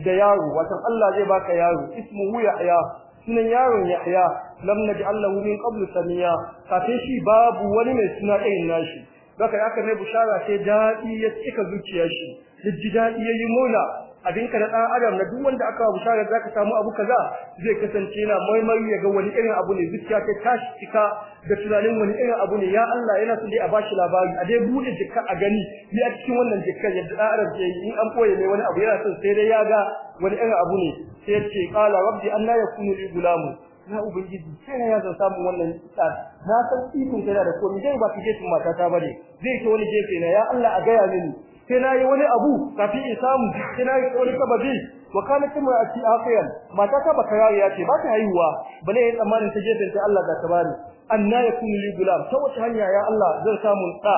da yaro wato Allah zai baka yaro ismuhu Yahya sunan yaron Yahya lam naj'allahu min qablu samiya kafin shi babu wani mai suna irin nashi haka aka mai bushara sai dadi ya cika zuciyar shi duk ji dadi yayi mola abin ka na ɗan adam na duk wanda aka za zaka samu abu kaza zai kasance na maimai ya ga wani irin abu ne zuciya ta tashi cika da tunanin wani irin abu ne ya Allah yana son dai a bashi labari a dai bude jikka a gani ni a cikin wannan jikkar yadda dan adam ke in an koye mai wani abu yana son sai dai ya ga wani irin abu ne sai ya ce qala rabbi la yakunu li gulamu na ubangiji sai na yazo samun wannan tsad na san ikon kana da komai dai ba ki je tun mata ta bane zai ce wani gefe na ya Allah a gaya mini sai nayi wani abu kafin in samu sai nayi wani sababi wa kana kuma a ci afiyan mata ta baka ce ba ta haihuwa bale ya tsammanin ta gefen ta Allah da tabari anna yakunu li gulam ta wata hanya ya Allah zan samu ta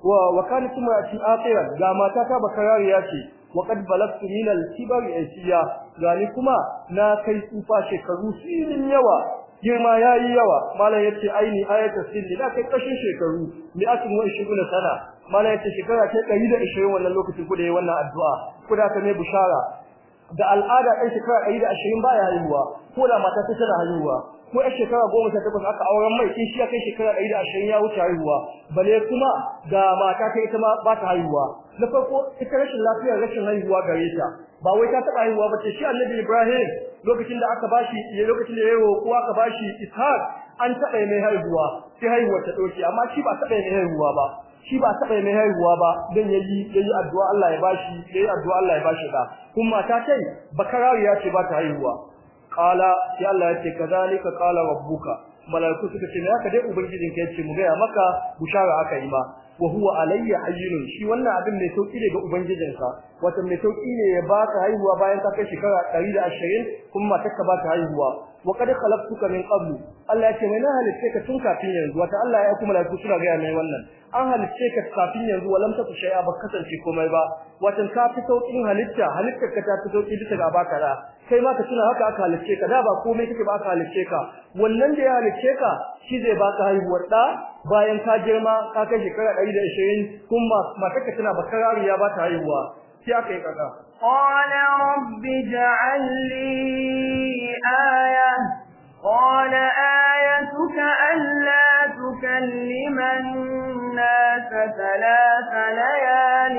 wa wa kana kuma a ci afiyan ga mata ta baka ce wa qad balagtu min al-kibari asiya gani kuma na kai tsufa shekaru sirin yawa girma yayi yawa malam yace aini ayata sirri da kai kashin shekaru mi akin wa shuguna sana mala yace shekara ta 120 wannan lokacin ku da yayin wannan addu'a ku da ta mai bushara da al'ada ɗan shekara 120 ya haihuwa ko da mata ta tsara haihuwa ko a shekara 18 aka auren mai kishi ya kai shekara 120 ya wuce haihuwa bale kuma ga mata ta ita ma ba ta haihuwa na farko ita rashin lafiya rashin haihuwa gare ta ba wai ta taba haihuwa ba ce shi Annabi Ibrahim lokacin da aka bashi lokacin da yayin ko aka bashi Ishaq an taba mai haihuwa sai haihuwa ta dauke amma shi ba taba mai haihuwa ba shi ba taba mai haihuwa ba dan yayi yayi addu'a Allah ya bashi yayi addu'a Allah ya bashi da kuma ta bakarawi bakarariya ce ba ta haihuwa qala ya Allah ya ce kadalika qala rabbuka malaiku suka ce haka dai ubangijin ka ya ce mu ga maka bushara aka yi ma wa huwa alayya ayyun shi wannan abin mai sauki ne ga ubangijin ka wato mai sauki ne ya ba baka haihuwa bayan ka kai shekara 120 kuma mata ka ta haihuwa wa qad khalaqtuka min qablu Allah ya ce mai na halitta ka tun kafin yanzu wata Allah ya kuma malaiku suna ga mai wannan an halice ka kafin yanzu walam ta ku ba kasance komai ba watan ka fi sauƙin halitta halittar ka ta fi sauƙi bisa ga baka da kai ma ka tuna haka aka halitta ka da ba komai kake ba aka halice ka wannan da ya halitta ka shi zai baka haihuwar da bayan ka girma ka kai shekara 120 kuma matarka tana bakarariya ba ta haihuwa sai aka yi kaza qala rabbi ja'al li aya قال آيتك ألا تكلم الناس ثلاث ليال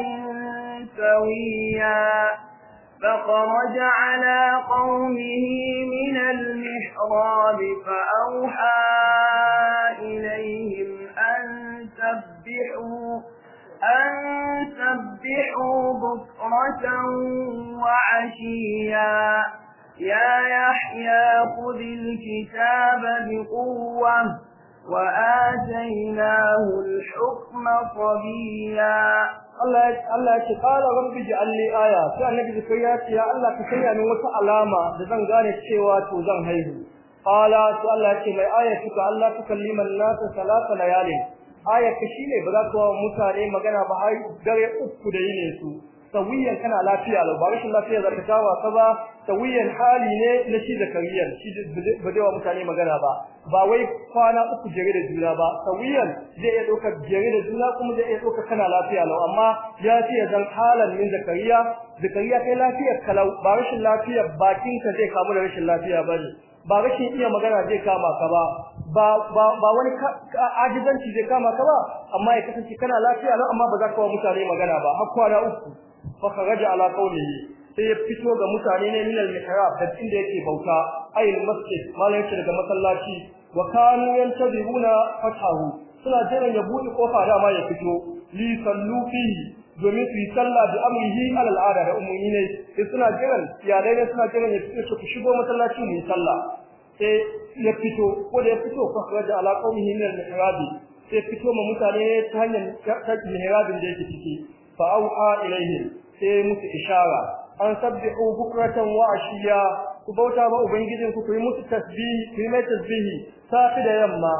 سويا فخرج على قومه من المحراب فأوحى إليهم أن سبحوا أن سبحوا بكرة وعشيا يا يحيى خذ الكتاب بقوة وآتيناه الحكم صبيا Allah ya ce kala rabbi alli aya sai annabi zakariya ya ce ya Allah ka sanya min wata alama da zan gane cewa to zan haihu qala su Allah ya ce mai aya ka Allah ta kallima nasa salasa layalin aya ka shine ba za ka wa mutane magana ba har dare uku da ne su sawiyan kana lafiya lau ba rashin lafiya za ta kawo ka ba tawiyan hali ne na shi zakariyar shi ba zai wa mutane magana ba ba wai kwana uku jere da juna ba tawiyan zai iya ɗaukar jere da juna kuma zai iya ɗaukar kana lafiya lau amma ya ce ya zan halan min zakariya zakariya kai lafiya kalau ba rashin bakin ka zai kamu da rashin lafiya ba ne ba rashin iya magana zai kama ka ba ba wani ajizanci zai kama ka ba amma ya kasance kana lafiya lau amma ba za ka wa mutane magana ba har kwana uku fa kharaja ala qawlihi sai ya fito ga mutane ne min mihrab da inda yake bauta ayil masjid malaikin daga masallaci wa kanu yantadibuna fatahu suna jiran ya buɗe kofa ma ya fito li sallu domin su yi sallah da amrihi ala ada da umumi ne sai suna jira ya dai suna jiran ya fito su shigo masallaci ne sallah sai ya fito ko da ya fito fa da ala qawmihi min da mihrab sai fito ma mutane ta hanyar ta mihrabin da yake fiki fa auha ilaihim sai musu ishara an sabbihu bukratan wa ashiya ku bauta ba ubangijin ku yi musu tasbihi ku mai tasbihi safi da yamma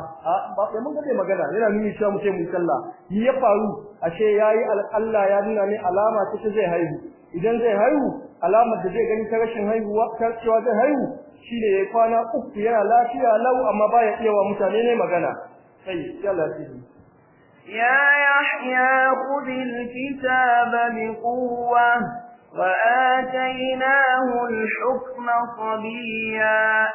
ba sai mun gade magana yana nuni cewa mu ce mu sallah Yi ya faru ashe yayi alƙalla ya nuna ne alama ta zai haihu idan zai haihu alamar da zai gani ta rashin haihuwa ta cewa zai haihu shine yayi kwana uku yana lafiya lau amma baya iya wa mutane ne magana sai ya ya يا يحيى خذ الكتاب بقوه وآتيناه الحكم صبيا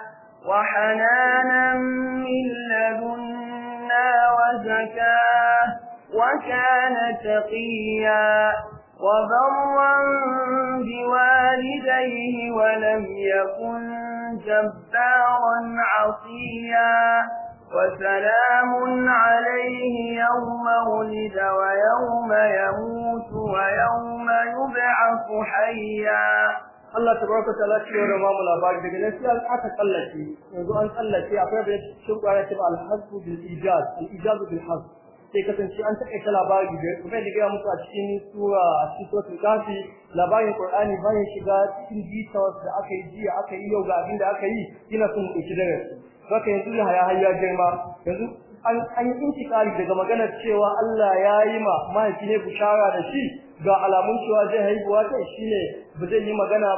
وحنانا من لدنا وزكاة وكان تقيا وبرا بوالديه ولم يكن جبارا عصيا وسلام عليه يوم ولد ويوم يموت ويوم يبعث حيا Allah tabaraka wa ta'ala ce wa mamu labari daga nan sai aka tsallace yanzu an tsallace akwai da cikin kwara ce al-hasbu bil ijaz al-ijaz bil hasb sai kasance an take ta labari da kuma da ga muku a cikin sura a cikin suratul kafi labarin qur'ani bayan shiga cikin details da aka yi jiya aka yi yau ga abin da aka yi kina son ku ci darasi haka yanzu Yahaya haya ya girma yanzu an yi intikali daga maganar cewa Allah ya yi ma mahaifi ne bushara da shi ga alamun cewa zai haihuwa kai ne ba zai yi magana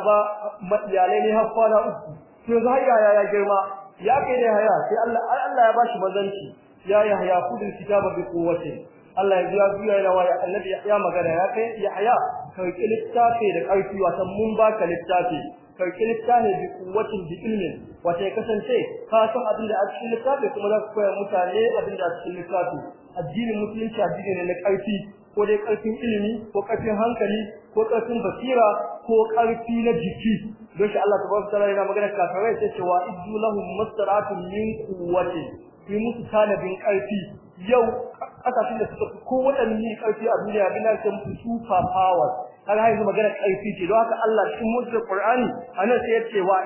ba iyalai ne har kwana uku to yanzu har Yahaya ya girma ya kai da haya? sai Allah Allah ya bashi mazanci ya Yahaya kudin kitaba bi kowace Allah ya biya biya da waya annabi ya magana ya kai Yahaya ka littafi da karfi wasan mun baka littafi karki littafi bi kuwatin bi ilmin wata ya kasance ka san abin da ake littafi kuma za ku koya mutane abin da a cikin littafi addinin musulunci addini ne na karfi ko dai karfin ilimi ko karfin hankali ko karfin basira ko karfi na jiki don shi Allah tabaraka taala yana magana fara sai cewa iddu lahum mastaratun min quwwati fi musu bin karfi yau kasashen da suka fi kowaɗanne karfi a duniya bin da musu super powers Har yanzu magana ƙarfi ce don haka Allah cikin mutum Qur'ani anan sai yace wa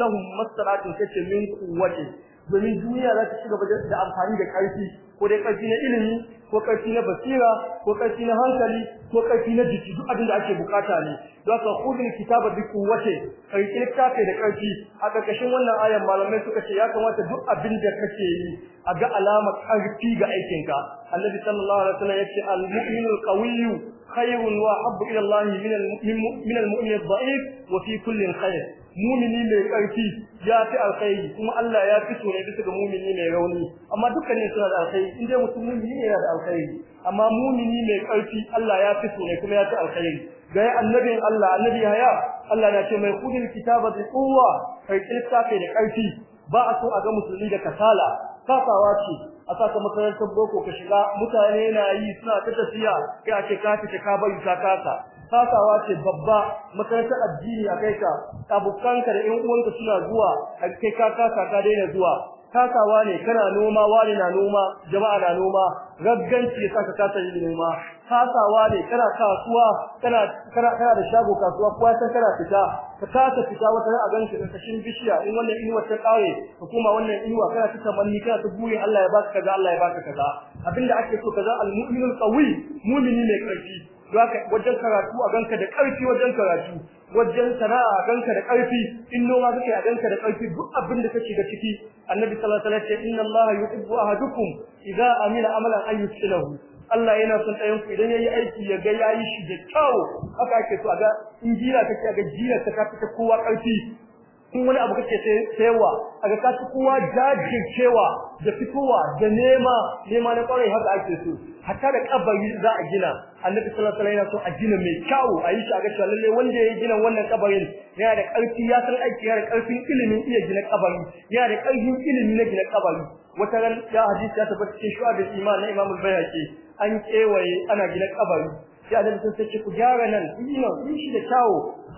lahum masaratun kace min quwwati domin duniya za ta ci gaba da amfani da ƙarfi, ko dai ƙarfi na ilimi ko ƙarfi na basira ko ƙarfi na hankali ko ƙarfi na jiki duk abin da ake bukata ne don haka khudul kitaba bi quwwati kai littafi da ƙarfi, a karkashin wannan ayan malamai suka ce ya kamata duk abin da kake yi a ga alamar ƙarfi ga aikinka annabi sallallahu alaihi wasallam yace al-mu'minu al-qawiyyu khayrun wa habbu ila Allah min al-mu'min al-dha'if mai karfi ya fi alkhairi kuma Allah ya fi so bisa ga mumini mai rauni amma dukkanin suna da alkhairi in dai mutum mumini ne yana da alkhairi amma mumini mai ƙarfi Allah ya fi so kuma ya fi alkhairi ga annabin Allah annabi haya Allah na ce mai kudin kitaba da quwwa kai kitsa da karfi ba a so a ga musulmi da kasala kasawa ce a saka makarantar boko ka shiga mutane na yi suna ta tafiya kai ake ka fita ka bari ka kasa kasawa ce babba makarantar addini a kai ka ka da ƴan uwanka suna zuwa a kai ka kasa ka daina zuwa takawa ne kana noma wani na noma jama'a na noma ragganci saka kasa yin noma takawa ne kana kasuwa kana kana da shago kasuwa kuwa san kana fita ka kasa fita wata a ganki da bishiya in wannan inuwa ta kare ka kuma wannan inuwa kana ta tamanni kana ta buri Allah ya baka kaza Allah ya baka kaza abinda ake so kaza al-mu'minul qawi mu'mini ne karfi zaka wajen karatu a ganka da ƙarfi wajen karatu wajen sana'a a ganka da ƙarfi in noma kake a ganka da ƙarfi duk abin da kake ga ciki annabi sallallahu alaihi wasallam ya ce inna allaha yuhibbu ahadukum idza amila amalan an yuslahu Allah yana son ɗayan ku idan yayi aiki ya ga yayi shi da kyau haka ake so a ga in jira kake a ga jira ta kafi kowa ƙarfi in wani abu kake a aga kafi kowa jajircewa da fitowa da nema nema na kwarai haka ake so hatta da kabari za a gina annabi sallallahu alaihi wasallam yana so a gina mai kyau a yi shi a ga cewa lalle wanda ya gina wannan kabarin yana da karfi ya san aiki yana da karfin ilimin iya gina kabari yana da karfin ilimi na gina kabari wata ran ya hadisi ya tabbata cikin shuwa da iman na imamul bayhaqi an kewaye ana gina kabari sai annabi sun ce ku gyara nan ina yi shi da kyau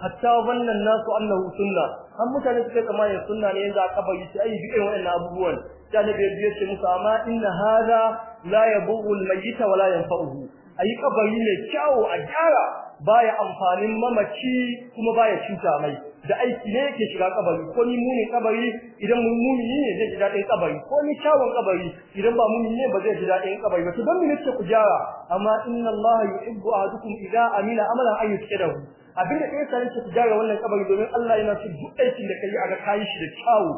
hatta wannan nasu annahu sunna an mutane suka tsamaya sunna ne yanzu a kabari sai ayi bi irin wannan abubuwan sai annabi ya ce musu amma inna hada. la yabughu al-mayyita wa la yanfa'uhu ayi kabari ne kyawo a gyara baya amfanin mamaci kuma baya cuta mai da aiki ne yake shiga kabari ko ni muni kabari idan mun mumini ne zai ji dadin kabari ko ni kyawun kabari idan ba mumini ne ba zai ji dadin kabari ba to don me nake ku gyara amma inna allaha yuhibbu ahadukum idza amila amalan ayyukidahu abin da kai sai ku gyara wannan kabari domin Allah yana so duk aikin da kai a ga kai shi da kyawu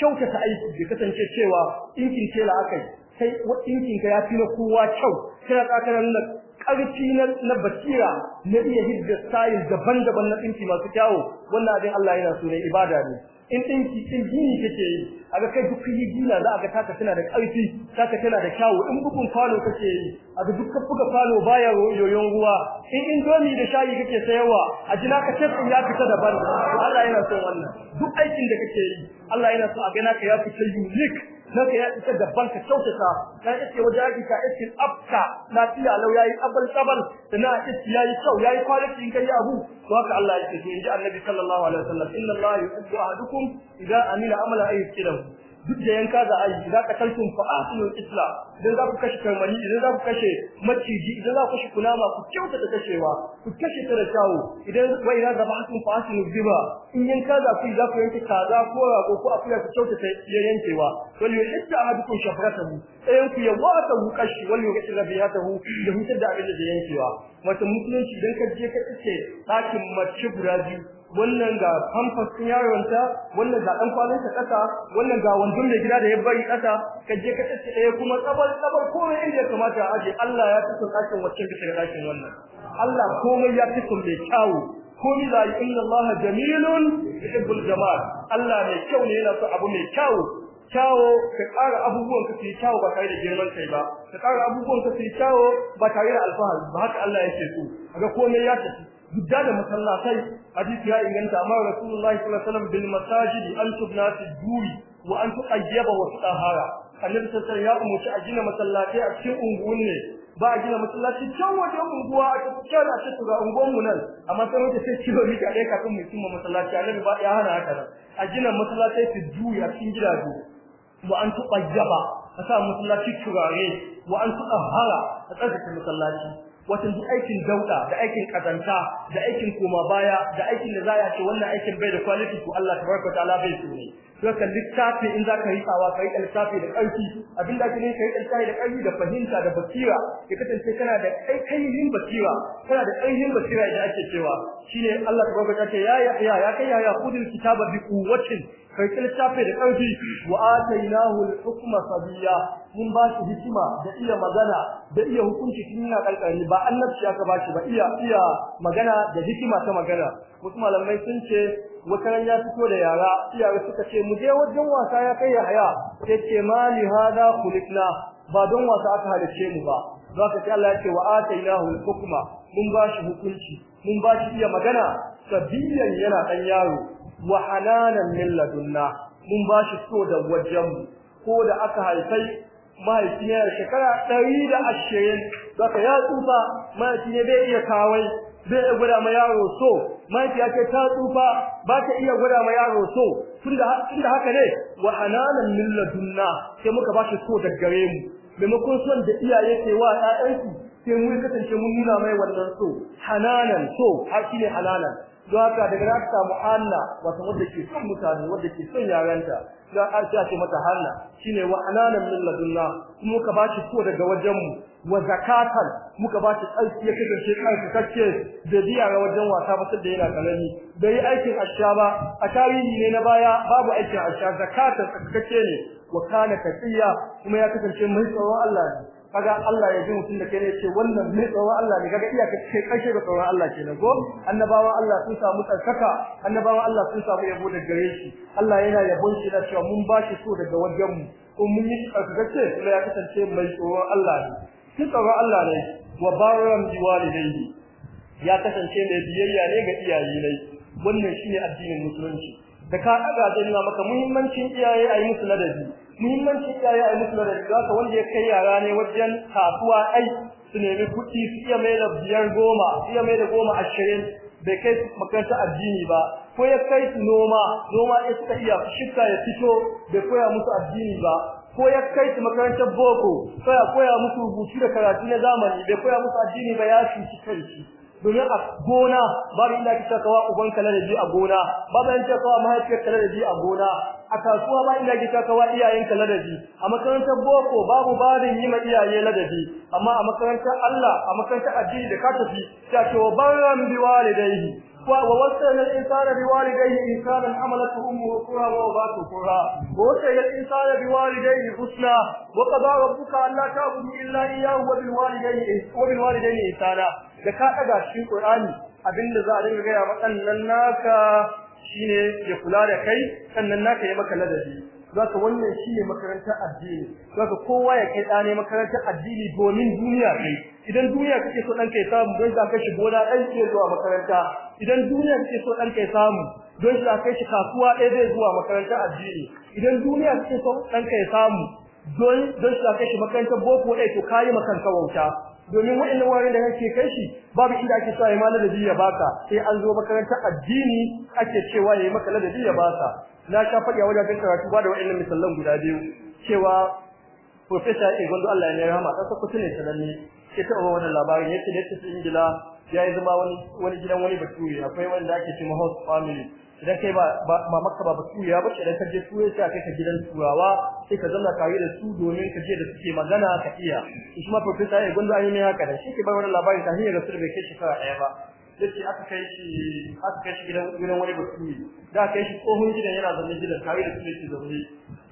kyautata aiki da kasance cewa in kin tela akai sai wadinki ka ya fi na kowa kyau kina tsakarar nan karfi na basira na iya hidda style daban-daban na dinki masu kyawu wannan abin Allah yana so ne ibada ne in dinki kin gini kake yi aga kai duk yi gina za aga taka tana da karfi taka tana da kyawu in bugun falo kake yi aga duk ka buga falo baya yoyon ruwa in indomi da shayi kake sayarwa a jina ka tafi ya fita daban Allah yana so wannan duk aikin da kake yi Allah yana so a ga naka ya fita unique naka ya isa gaban ka kyautata na iske wajen aiki ka iske tsafta lafiya lau yayi abal da na iske yayi kyau yayi quality in kai abu to haka Allah ya ce in ji annabi sallallahu alaihi wasallam inna Allah yuhibbu ahadukum idza amila amala ayyukum duk da yanka za a yi za ka kalkun fa asilul islam idan za ku kashe kalmari idan za ku kashe maciji idan za ku kashe kunama ku kyauta da kashewa ku kashe ta da shawo idan wa idan za ba ku riba in yanka za ku za ku yanke kaza ko rago ko akuya ku kyauta ta yankewa wal yuhitta ahadukum shafratahu ayan ku yawata hu kashi wal yuhitta rabiyatahu da hutar da abin da yankewa wato musulunci idan ka je ka tsace ɗakin mace guda biyu wannan ga famfas ɗin yaronta wannan ga ɗan ta ƙasa wannan ga wandon mai gida da ya bari ƙasa ka je ka tsaye ɗaya kuma tsabar tsabar komai inda ya kamata a aje Allah ya fito ɗakin wacce ka shiga ɗakin wannan Allah komai ya fito mai kyawu komai za yi inna Allah jamilun yuhibbul jamal Allah mai kyau ne yana so abu mai kyawu kyawo ka ƙara abubuwan ka sai kyawo ba tare da girman kai ba ka ƙara abubuwan ka sai kyawo ba tare da alfahari ba haka Allah yake so kaga komai ya tafi dukkan da masallatai hadisi ya inganta amma rasulullahi sallallahu alaihi wasallam bil masajid an tubna fi duri wa an tuqayyaba wa tahara annabi sallallahu alaihi wasallam ya umarci a gina masallatai a cikin unguwan ne ba a gina masallaci can wajen unguwa a cikin a cikin ga unguwan mu nan amma sai muke sai kilomita ɗaya kafin mu cimma masallaci annabi ba ya hana haka nan a gina masallaci su juya cikin gidaje wa an tuqajjaba a sa masallaci turare wa an tuqahara a tsaka masallaci watan duk aikin dauda da aikin kazanta da aikin koma baya da aikin da zaya ce wannan aikin bai da quality ko Allah tabaraka taala bai so ne saka littafi in zaka yi tsawa kai littafi da karfi abinda ake ne kai littafi da karfi da fahimta da basira ya kasance kana da kai kainin basira kana da kainin basira da ake cewa shine Allah tabaraka taala ya ya ya kai ya kudin kitaba bi quwwatin karki littafi da karfi wa atainahu al-hukma sabiya mun ba shi hikima da iya magana da iya hukunci kin na kalkari ba annabci aka ba shi ba iya iya magana da hikima ta magana wasu malamai sun ce wata ya fito da yara iyaye suka ce mu je wajen wasa ya kai ya haya yace mali hada kulikna ba don wasa aka halice mu ba zaka ce Allah yake wa atainahu al-hukma mun bashi hukunci mun bashi iya magana sabiyan yana dan yaro wa halalan min ladunna mun ba shi so da wajenmu ko da aka haifai mahaifi shekara ɗari da ashirin zaka ya tsufa mahaifi ne bai iya kawai bai iya gwada ma yaro so mahaifi ce ta tsufa ba ta iya gwada ma yaro so da haka ne wa hananan min ladunna sai muka bashi so da gare mu maimakon son da iyaye ke wa ƴaƴansu sai mun kasance mun nuna mai wannan so hananan so har shine halalan don daga za samu Allah wasan wanda ke son mutane wanda ke son yaranta da Aisha ce mata Hanna shine wa ananan min kuma muka bashi ko daga wajenmu. wa zakatan muka bashi tsarki ya kasance kansa kace da biya ga wajen wasa ba da yana kalani bai aikin asha ba a tarihi ne na baya babu aikin asha zakatan kace ne wa kana kaciya, kuma ya kasance mai tsoron Allah ne kaga Allah ya ji mutum da kai ne ce wannan mai tsoron Allah ne kaga iyaka ce kashe da tsoron Allah kenan ko annabawa Allah sun samu tsarkaka annabawa Allah sun samu yabo da gare shi Allah yana yabon shi da cewa mun bashi so daga wajen mu ko mun yi ce kuma ya kasance mai tsoron Allah ne shi tsoron Allah ne wa barram ne, ya kasance mai biyayya ne ga iyaye ne wannan shine addinin musulunci da ka daga da nuna maka muhimmancin iyaye a ayi musu ladabi muhimmancin iyaye a musu da wanda ya kai yara ne wajen kasuwa ai su nemi kuɗi su iya mai da biyar goma su iya mai da goma ashirin bai kai su makaranta addini ba ko ya kai su noma noma ya suka iya shifta ya fito bai koya musu addini ba ko ya kai su makarantar boko ko ya koya musu rubutu da karatu na zamani bai koya musu addini ba ya shi kanshi domin a gona babu illa kisa kawa uban kala da ji a gona babu inda kawa mahaifiyar kala da ji a gona a kasuwa ba illa kisa kawa iyayen kala da ji a makarantar boko babu barin yi ma iyaye ladabi amma a makarantar Allah a makarantar addini da ka tafi ta ce wa barran biwalidaihi ووصينا الإنسان بوالديه إنسانا حملته أمه كرها ووضعته كرها ووصينا الإنسان بوالديه حسنا وقضى ربك ألا تعبدوا إلا إياه وبالوالدين وبالوالدين إحسانا da ka ɗaga shi Qur'ani abinda za a dinga gaya waɗannan naka shine ya kula da kai sannan naka ya maka ladabi zaka wannan shine makarantar addini zaka kowa ya kai dane makarantar addini domin duniya kai idan duniya kake so dan kai samu don za ka shigo boda dan ke zuwa makaranta idan duniya kake so dan kai samu don za ka shi kasuwa ɗaya zai zuwa makarantar addini idan duniya kake so dan kai samu don don za ka shi makarantar boko ɗaya to kai makarantar wauta domin wa'annan wuraren da kake kai shi babu inda ake cewa yayi da ya baka sai an zo makarantar addini ake cewa yayi maka ladabi ya baka na sha faɗi a wajen karatu ba da wa'annan misallan guda biyu cewa Professor gondo Allah ya rahama saka sakkwato ne ke ta taɓa wannan labarin yake da ke su Ingila ya yi zama wani wani gidan wani bature akwai wanda ake cewa host family idan kai ba ba makka ba bature ba idan ka je turai sai kai ka gidan turawa sai ka zalla kare da su domin ka je da suke magana ka iya shi ma Professor Egondo an yi ne haka da shi ke bar wannan labarin ta hanyar da bai kai fara ɗaya ba yace aka kai shi aka kai shi gidan gidan wani basiri da kai shi tsohon gidan yana zaune gidan tare da kuma shi zaune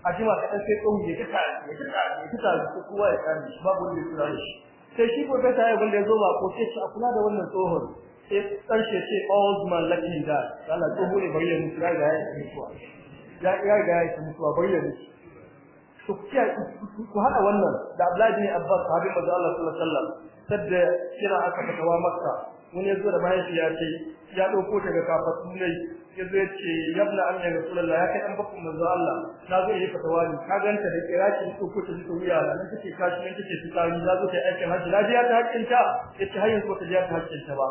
a jima ka dan sai tsohon ya kika ya kika ya kika kowa ya kame shi babu wanda ya shi sai shi professor ya wanda ya zo ba ko sai a kula da wannan tsohon sai karshe sai Osman Lucky da Allah tsoho ne bari ya mutu da ya mutuwa ya ya ga ya mutuwa bari ya mutu to ku hada wannan da Abdullahi ne Abbas sahabin manzo Allah sallallahu alaihi wasallam sadda kira aka fatawa Makka wani zo da ya ce ya ɗauko daga kafatu ne ya yace yabna anna rasulullah ya kai an bakku manzo Allah na zo yi fata wani ka ganta da kiraki ko ko ta fito wuya da kake kashi ne kake tsari za zo ta aikin hajji lafiya ta hakkin ta ita hayyan ko ta ji ta hakkin ba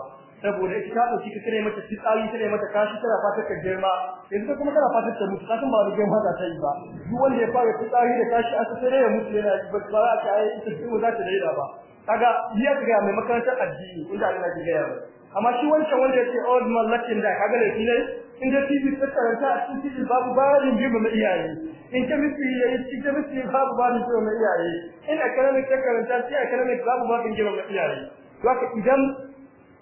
saboda ita ta ci kake ne mata fitsari ne mata kashi tana fatar ka girma yanzu kuma kana fatar ta mutu kasan ba da girma ta ta yi ba duk wanda ya fara fitsari da kashi aka sai ya mutu yana ba ba ta yi ita ce za ta daida ba kaga biya ga mai makarantar addini inda Allah ke gaya mai amma shi wancan wanda yake old man lakin da kaga da kile in da TV ta karanta a cikin TV babu barin bibu mai iyaye in ka miki yayi cikin miki babu barin bibu mai iyaye in academic ta karanta sai academic babu barin bibu mai iyaye to haka idan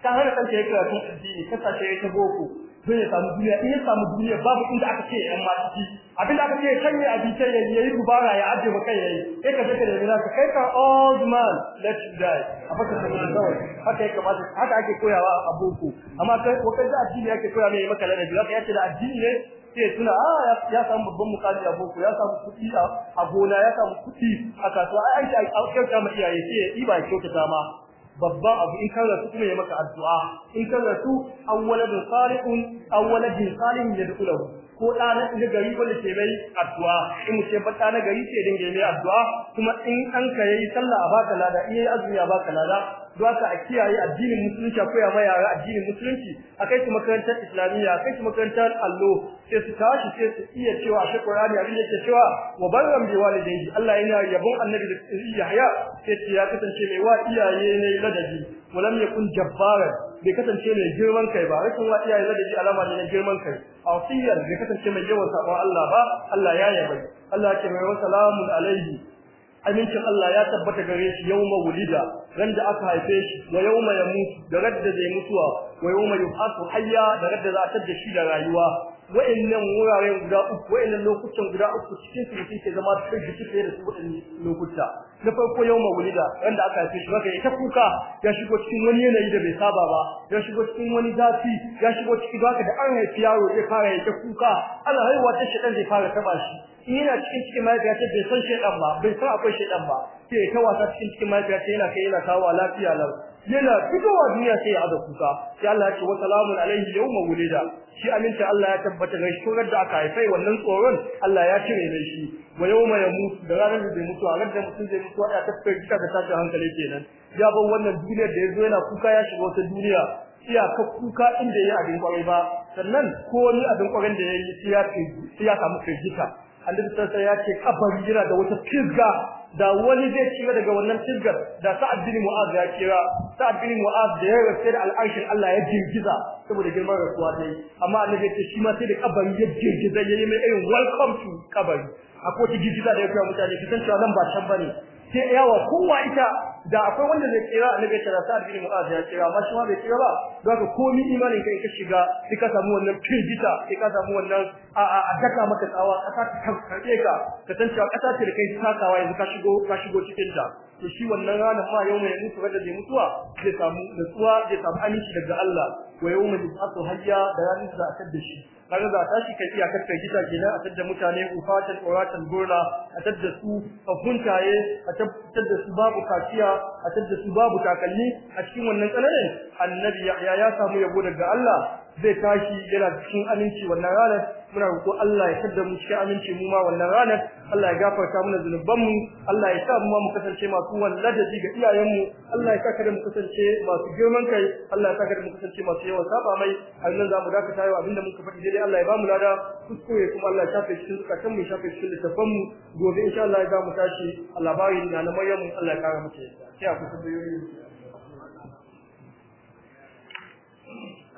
ka hana kanka yake karatun addini ka sace ta boko zai samu duniya in ya samu duniya babu inda aka ce yan mata abin da aka ce sanya abita ya yi gubara ya aje maka yayi sai ka je ka nemi naka kai ka old man let you die a baka ta kawai haka yake mata haka ake koyawa a boko amma kai ko kai da addini yake koya mai maka ladabi haka yace da addini ne sai tuna 'Ah ya samu babban mukami a boko ya samu kuɗi a gona ya samu kuɗi a kasuwa ai ai a kyauta ma iyaye sai ya iba kyautata ma babban abu in kan rasu kuma ya maka addu'a in kan rasu awwaladun salihun awwaladun salihun yad'ulahu ko da na da gari da ke bai addu'a in ce ba ta na gari ke dinga mai addu'a kuma in an ka yi sallah a baka lada in yayi azumi a baka lada don a kiyaye addinin musulunci a koya mai yara addinin musulunci a kai su makarantar islamiyya a kai su makarantar allo sai su tashi sai su iya cewa a shakurani abin da ke cewa wa barram bi walidayhi Allah yana yabon annabi da Yahya sai ya kasance mai wa iyaye ne ladabi walam yakun jabbara. bai kasance mai girman kai ba rashin wa iyaye da shi alama ne na girman kai asiyar bai kasance mai yawan sabon Allah ba Allah ya yaba Allah ya ce salamun alaihi amincin Allah ya tabbata gare shi yawma wulida ran da aka haife shi wa yawma da radda zai mutuwa wa yawma yub'athu hayya da radda za a tada shi da rayuwa wa'annan wuraren guda uku wa'annan lokutan guda uku cikin su suke zama cikin jiki da su wa'annan lokuta na farko yau mawulida wanda aka haife shi maka ita kuka ya shigo cikin wani yanayi da bai saba ba ya shigo cikin wani zafi ya shigo cikin baka da an haifi yaro ya fara ya ta kuka ana haihuwa ta shaɗan zai fara taɓa shi in yana cikin cikin mahaifiya ta bai san shaɗan ba bai san akwai shaɗan ba sai ta wasa cikin cikin mahaifiya ta yana kai yana kawo lafiya lau yana fitowa duniya sai ya ada kuka sai Allah ya ce wa salamun alaihi yawma wulida shi aminta Allah ya tabbata ga shi da aka haifai wannan tsoron Allah ya cire ne shi wa yawma mutu da ranar da zai mutu a ranar da mutum zai mutu ya tabbata da tashin hankali kenan ya bar wannan duniyar da yazo yana kuka ya shiga wata duniya ka kuka inda yayi abin kwarai ba sannan ko wani abin kwarin da yayi sai ya sai ya samu firgita Allah ta sai ya ce kafar jira da wata fisga da wani zai cire daga wannan tilgar da Sa'ad bin Mu'az ya kira Sa'ad bin Mu'az da ya rasu da al'arshin Allah ya girgiza saboda girman rasuwa dai amma annabi ce shi ma sai da kabari ya girgiza yayi mai irin welcome to kabari akwai ta girgiza da ya kira mutane kisan cewa nan ba can bane ce yawa kowa ita da akwai wanda zai kira annabi ta rasa bin mu'az ya kira amma shi ma bai kira ba don ka komi imanin kai ka shiga sai ka samu wannan firgita sai ka samu wannan a a daka maka tsawa kasa ta karbe ka ka san cewa ta ce da kai takawa yanzu ka shigo ka shigo cikin ta to shi wannan ranar ma yau mai nufi da zai mutuwa zai samu natsuwa zai samu aminci daga Allah wa yau mai yub'atu hayya da ranar da aka da shi kaga za ta shi kai iya kakkai gida gida a tadda mutane ufatan uratan gurla a tadda su kafuntaye a tadda su babu kaciya a tadda su babu takalli a cikin wannan tsananin annabi ya ya samu yabo daga Allah zai tashi yana cikin aminci wannan ranar muna roƙo Allah ya sadda mu cikin aminci mu ma wannan ranar Allah ya gafarta mana zunubanmu Allah ya sa mu ma mu kasance masu wallahi ga iyayenmu Allah ya sa da mu kasance masu girman kai Allah ya sa da mu kasance masu yawan saba mai a nan za mu dakata yau abinda muka faɗi dai Allah ya ba mu lada kuskure kuma Allah ya shafe cikin kan mu shafe cikin tafan mu gobe insha Allah ya za mu tashi labarin da na Maryam Allah ya kara mu yadda sai a kusa da yoyin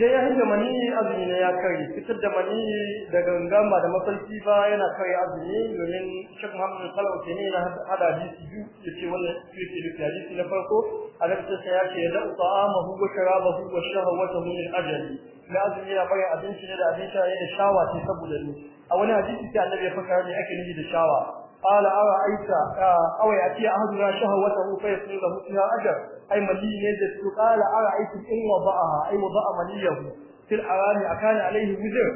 idan ya hidda mani azumi ne ya kari, fitar da mani da gangama da mafarki ba yana kare azumi domin Sheikh Muhammad Sallallahu alaihi wasallam yana hada hadisi biyu da yace wannan yake da hadisi na farko Annabi sai ya ce da ta'amahu wa sharabahu wa shahawatahu min ajali da azumi yana bare abinci ne da abin sha da shawa ce saboda ni a wani hadisi sai Annabi ya fara ne ake nufi da shawa qala ara aita aw yati ahaduna shahawatahu fa yasulu lahu fiha ajr ai mali ne da su qala ara'aytu in wada'aha ai wada'a maliyahu fil arami akana alayhi wizr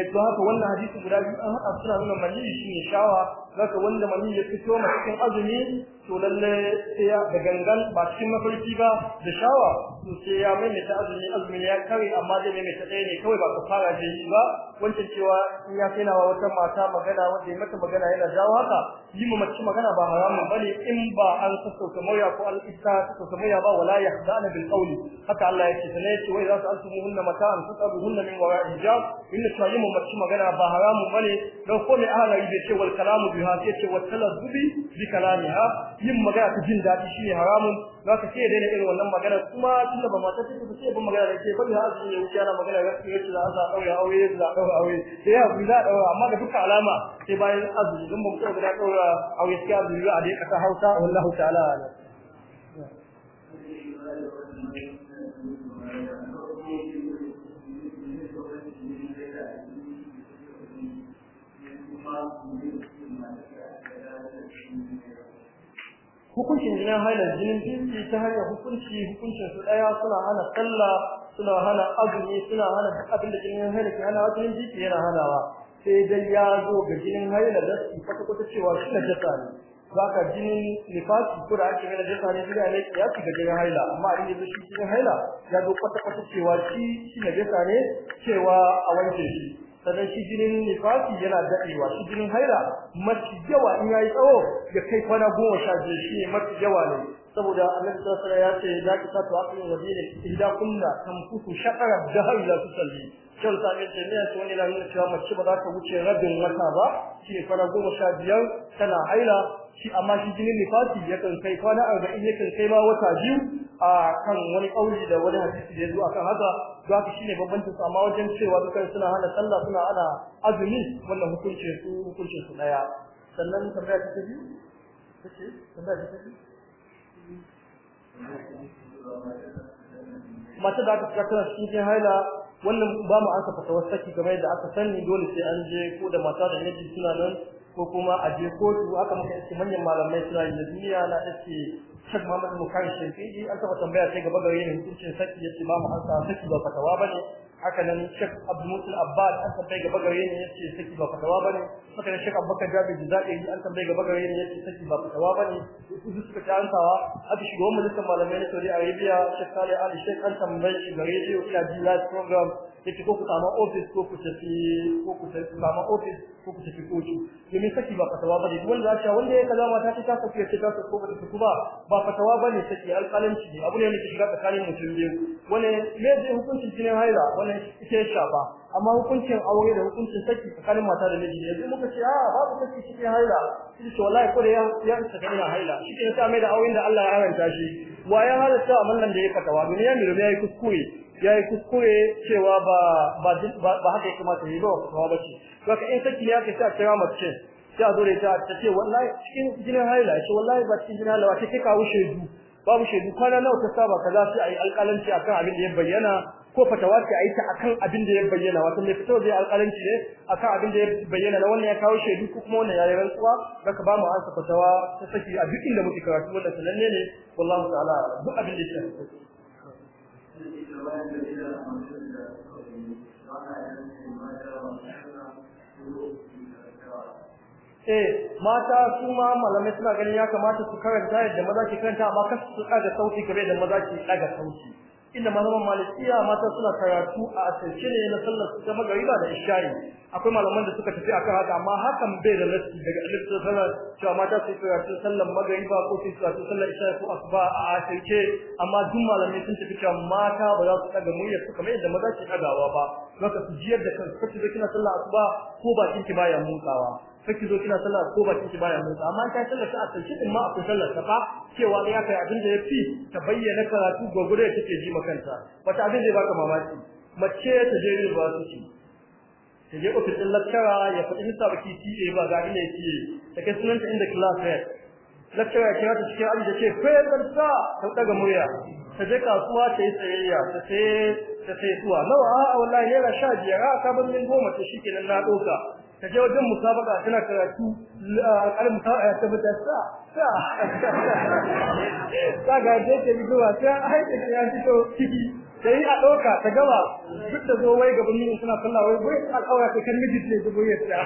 eh to haka wannan hadisi guda biyu an hada suna nuna shi ne shawa zaka wanda mani ya fito ma cikin azumi to lalle sai ya da gangan ba cikin mafarki ba da shawa to sai ya maimaita azumi azumi ya kare amma dai maimaita ɗaya ne kawai ba ka fara da shi ba wancan cewa in ya kai wa wata mata magana wanda ya mata magana yana jawo haka yi mu mace magana ba ba ne. in ba an sassauta mauya ko an isa sassauta mauya ba wala yahdana bil qawli haka Allah yake sanai ce wai za su antumuhunna mata'an fasabuhunna min wara'i hijab inna shayyimu mace magana ba haramun bane dan ko ne ahara yi cewar cewa kalamu kalamiha sai ce wata lazubi bi kalamiha yin magana ta jin daɗi shi ne haramun za ka ce daina irin wannan magana kuma tunda ba mata take ba ce ban magana da ke bari har su ne wuce ana magana da ke yace za a ɗaura aure za a ɗaura aure sai ya za a ɗaura amma da duka alama sai bayan azumi don ba mu tsara da aure sai azumi a dai ka hausa wallahu ta'ala Thank you. hukuncin jinin haila jinin jinsi ta hanyar hukunci hukuncin su daya suna hana sallah suna hana azumi suna hana abinda abin da jinin haila ke hana jinin jinsi yana hanawa sai dai ya zo ga jinin haila da su kwata kwata cewa shi na jasa ne za ka jinin nifasi ko da ake gina jasa ne a ne ya fi ga jinin haila amma a yanzu shi jinin haila ya zo kwata kwata cewa shi shi na jaka ne cewa a wanke shi sannan shi jinin nifasi yana daɗewa shi jinin haira mafi yawa in yi tsawo ya kai kwana goma sha biyu shi ne mafi yawa ne saboda annabi sallallahu alaihi wasallam ya ce za ki sato akalin wazini idan kunna da har dahar su salli. shan ta ce ne a wani na nuna cewa mace ba za ta wuce rabin wata ba shi ne kwana goma sha biyar tana haila shi amma shi jinin nifasi kan kai kwana arba'in kan kai ma wata biyu a kan wani kauli da wani hadisi da yazo akan haka za ka shine babban su amma wajen cewa dukkan suna hana sallah suna ana azumi wannan hukunci su hukunci su daya sannan tambaya ta biyu kace tambaya ta biyu mata da ta kira cikin haila wannan ba mu aka wasu saki game da aka sani dole sai an je ko da mata da miji suna nan ko kuma a je kotu aka maka manyan malamai suna yi duniya na ake Sheikh Muhammad Bukhari Shafi'i an taɓa tambaya sai gaba gare ni hukuncin saki yace ba mu ansa saki ba fatawa bane haka nan Sheikh Abdul Abbad an tambaye gaba gare ni yace saki ba fatawa bane haka nan Sheikh Abubakar Jabir Jizai an tambaye gaba gare ni yace saki ba fatawa bane su suka ta a aka shigo majalisar malamai na Saudi Arabia Sheikh Saleh Ali Sheikh an tambaya shi gare shi ya ji live program yace ko ku samu office ko ku tafi ko ku tafi samu office ko ku tafi kotu domin saki ba fatawa bane duk wanda ya wanda ya kaza mata ta saki ya ta saki ko ba ta ba ba fatawa bane saki alƙalanci ne abu ne da shiga tsakanin mutum biyu wane ne zai hukuncin jinin haila wane ita ya shafa amma hukuncin aure da hukuncin saki tsakanin mata da miji yanzu muka ce a ah, ku saki cikin haila shi ce wallahi ko da ya ya saka ina haila shi ke ta mai da auren da Allah ya haranta shi wa ya halatta amallan da ya fatawa duniya ne da ya yi kuskure yayi kuskure cewa ba ba haka ya kamata yi ba kuma ba ce ka in saki ya kace a kira mace sai a zo da ta ce wallahi cikin jinin haila ce wallahi ba cikin jinin haila ka kawo shedu babu shedu kwana nawa ta saba kaza sai yi alƙalanci akan abin da ya bayyana ko fatawa ce yi ta akan abin da ya bayyana wato mai fito zai alƙalanci ne akan abin da ya bayyana na wannan ya kawo shaidu ko kuma wannan ya yi rantsuwa baka ba mu ansa fatawa ta saki a duk inda muke karatu wannan sananne ne wallahi ta'ala duk abin da ya eh mata su ma malamai suna ganin ya kamata su karanta yadda maza ke karanta amma kasu su ɗaga sauti kamar da maza ke ɗaga sauti inda malaman malikiya mata suna karatu a asirce ne na sallar su ta magariba da isha'i akwai malaman da suka tafi akan haka amma hakan bai da lafi daga alifta sallar cewa mata su karatu sallar magariba ko su karatu sallar isha'i ko asuba a asirce amma duk malamai sun tafi cewa mata ba za su daga muryar su kamar yadda maza ke dagawa ba zaka su jiyar da kansu kace kina sallar asuba ko bakin ki baya mutawa kake zo kina sallah ko ba kike baya mun amma ta sallah ta a shi ma akwai sallah ta fa cewa ya kai abin da yafi ta bayyana karatu gogure take ji makanta wata abin zai baka mamaki mace ta je ne ba su ci ta je ofis din lakkara ya faɗi hisa baki eh ba ga ina ci ta kai sunan ta inda class ya lakkara ya kira ta cikin abin da ke fayyar ta ta daga murya ta je kasuwa ta yi sayayya, ta sai ta sai kuwa nawa a wallahi naira 15 a ka ban goma ta shikenan na doka ka je wajen musabaka kana karatu al musabaka ya tabbata ta sa sa ga je ke bi zuwa sai ai ta ya fito ciki sai a doka ta gaba duk da zo wai gaban mijin suna sallah wai wai al'aura ta kan mijin ne zuwa ya ta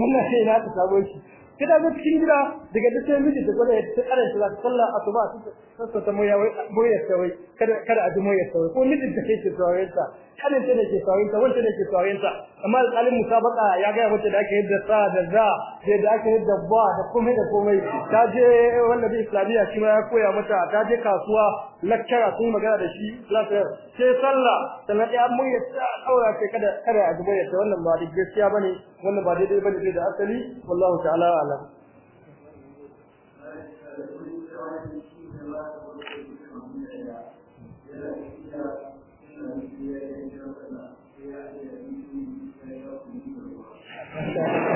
wannan sai na ta sabo shi sai da cikin gida daga duk sai mijin da gwada ta kare ta sallah asuba sai ta moya wai moya sai kada kada a ji moya sai ko mijin da yake zuwa ta kanin ta ke sauyin ta wanda ke sauyin ta amma alƙalin musabaka ya ga wacce da ake yadda sa da za da ake yadda ba da komai da komai ta je bi islamiya shi ma ya koya mata ta je kasuwa lakkara sun magana da shi lafiyar sai sallah sannan ya mun ya aura ce kada kada a dubai ta wannan ba gaskiya bane wannan ba daidai bane da asali wallahu ta'ala alam Thank Thank you.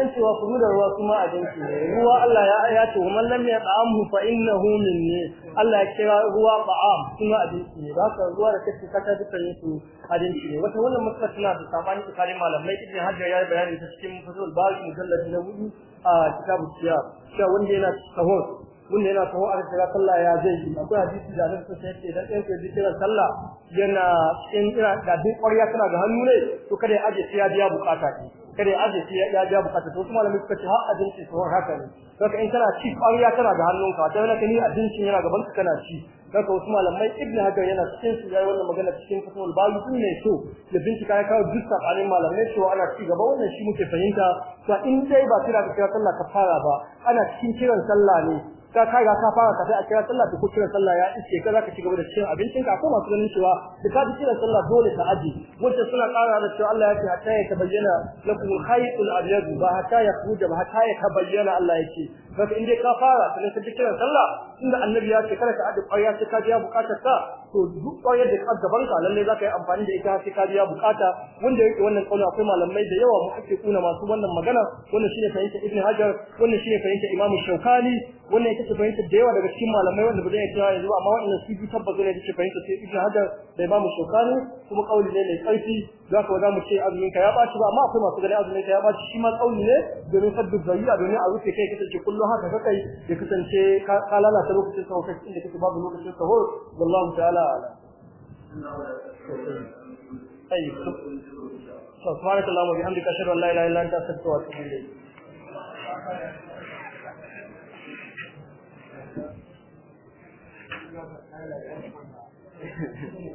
san cewa kunu da ruwa kuma abinci ne ruwa Allah ya ya ce man lam yat'amhu fa innahu minni Allah ya kira ruwa ba'am kuma abinci ne ba ka ruwa da kace kata dukkan su abinci ne wata wannan matsala tana da sabani kare malamai ibn Hajar ya bayani ta cikin fasul bari mujallad na hudu a kitabu siya. cewa wanda yana sahur wanda yana sallah ya zai yi akwai hadisi da Annabi sai ce dan ɗan kai kira sallah yana in ira da duk ƙwarya tana ga hannu ne to kada ya aje sai ya biya bukata kada ya aje shi ya ja bukata to kuma malamin suka ce har abinci to haka ne to in kana ci kwariya tana da hannunka dan haka ni abincin yana gaban ka kana ci saka wasu malamai ibn hajar yana cikin su yayin wannan magana cikin kasuwar Bayu din ne to da bincika ya kawo dukkan alin malamai cewa ana ci gaba wannan shi muke fahimta to in dai ba kira da kira sallah fara ba ana cikin kiran sallah ne ka ka ga ka fara ka sai a kira sallah ko kira sallah ya iske ka zaka ci gaba da cin abincin ka ko masu ganin cewa da ka ci kira sallah dole ka aji wacce suna ƙara da cewa Allah ya ce hatta ya tabayyana lakum khaytul abyad ba hatta ya khuja ba hatta ya tabayyana Allah ya ce Ka in dai ka fara ka sai ka kiran sallah inda annabi ya ce kada ka addu ƙarya sai ka biya bukatar ka to duk ƙaryar da ka gaban ka lalle zaka yi amfani da ita sai ka biya bukata wanda yake wannan kauli akwai malamai da yawa mu ake kuna masu wannan magana wannan shine fahimta Ibn Hajar wannan shine fahimta Imam Shawkani wannan yake fahimta da yawa daga cikin malamai wanda ba zai iya yanzu amma wannan su bi tabbata da yake fahimta sai Ibn Hajar da Imam Shawkani kuma kauli ne mai karfi zaka ka mu ce azumin ka ya baci ba amma akwai masu ganin azumin ka ya baci shi ma tsauni ne domin saddu zariya domin a rufe kai kace kullu haka ka kai ya kasance ka lalata lokacin sahur kai inda kake babu lokacin sahur wallahu ta'ala ala ai سبحانك اللهم la ilaha illa anta astaghfiruka wa atubu ilayk Thank you.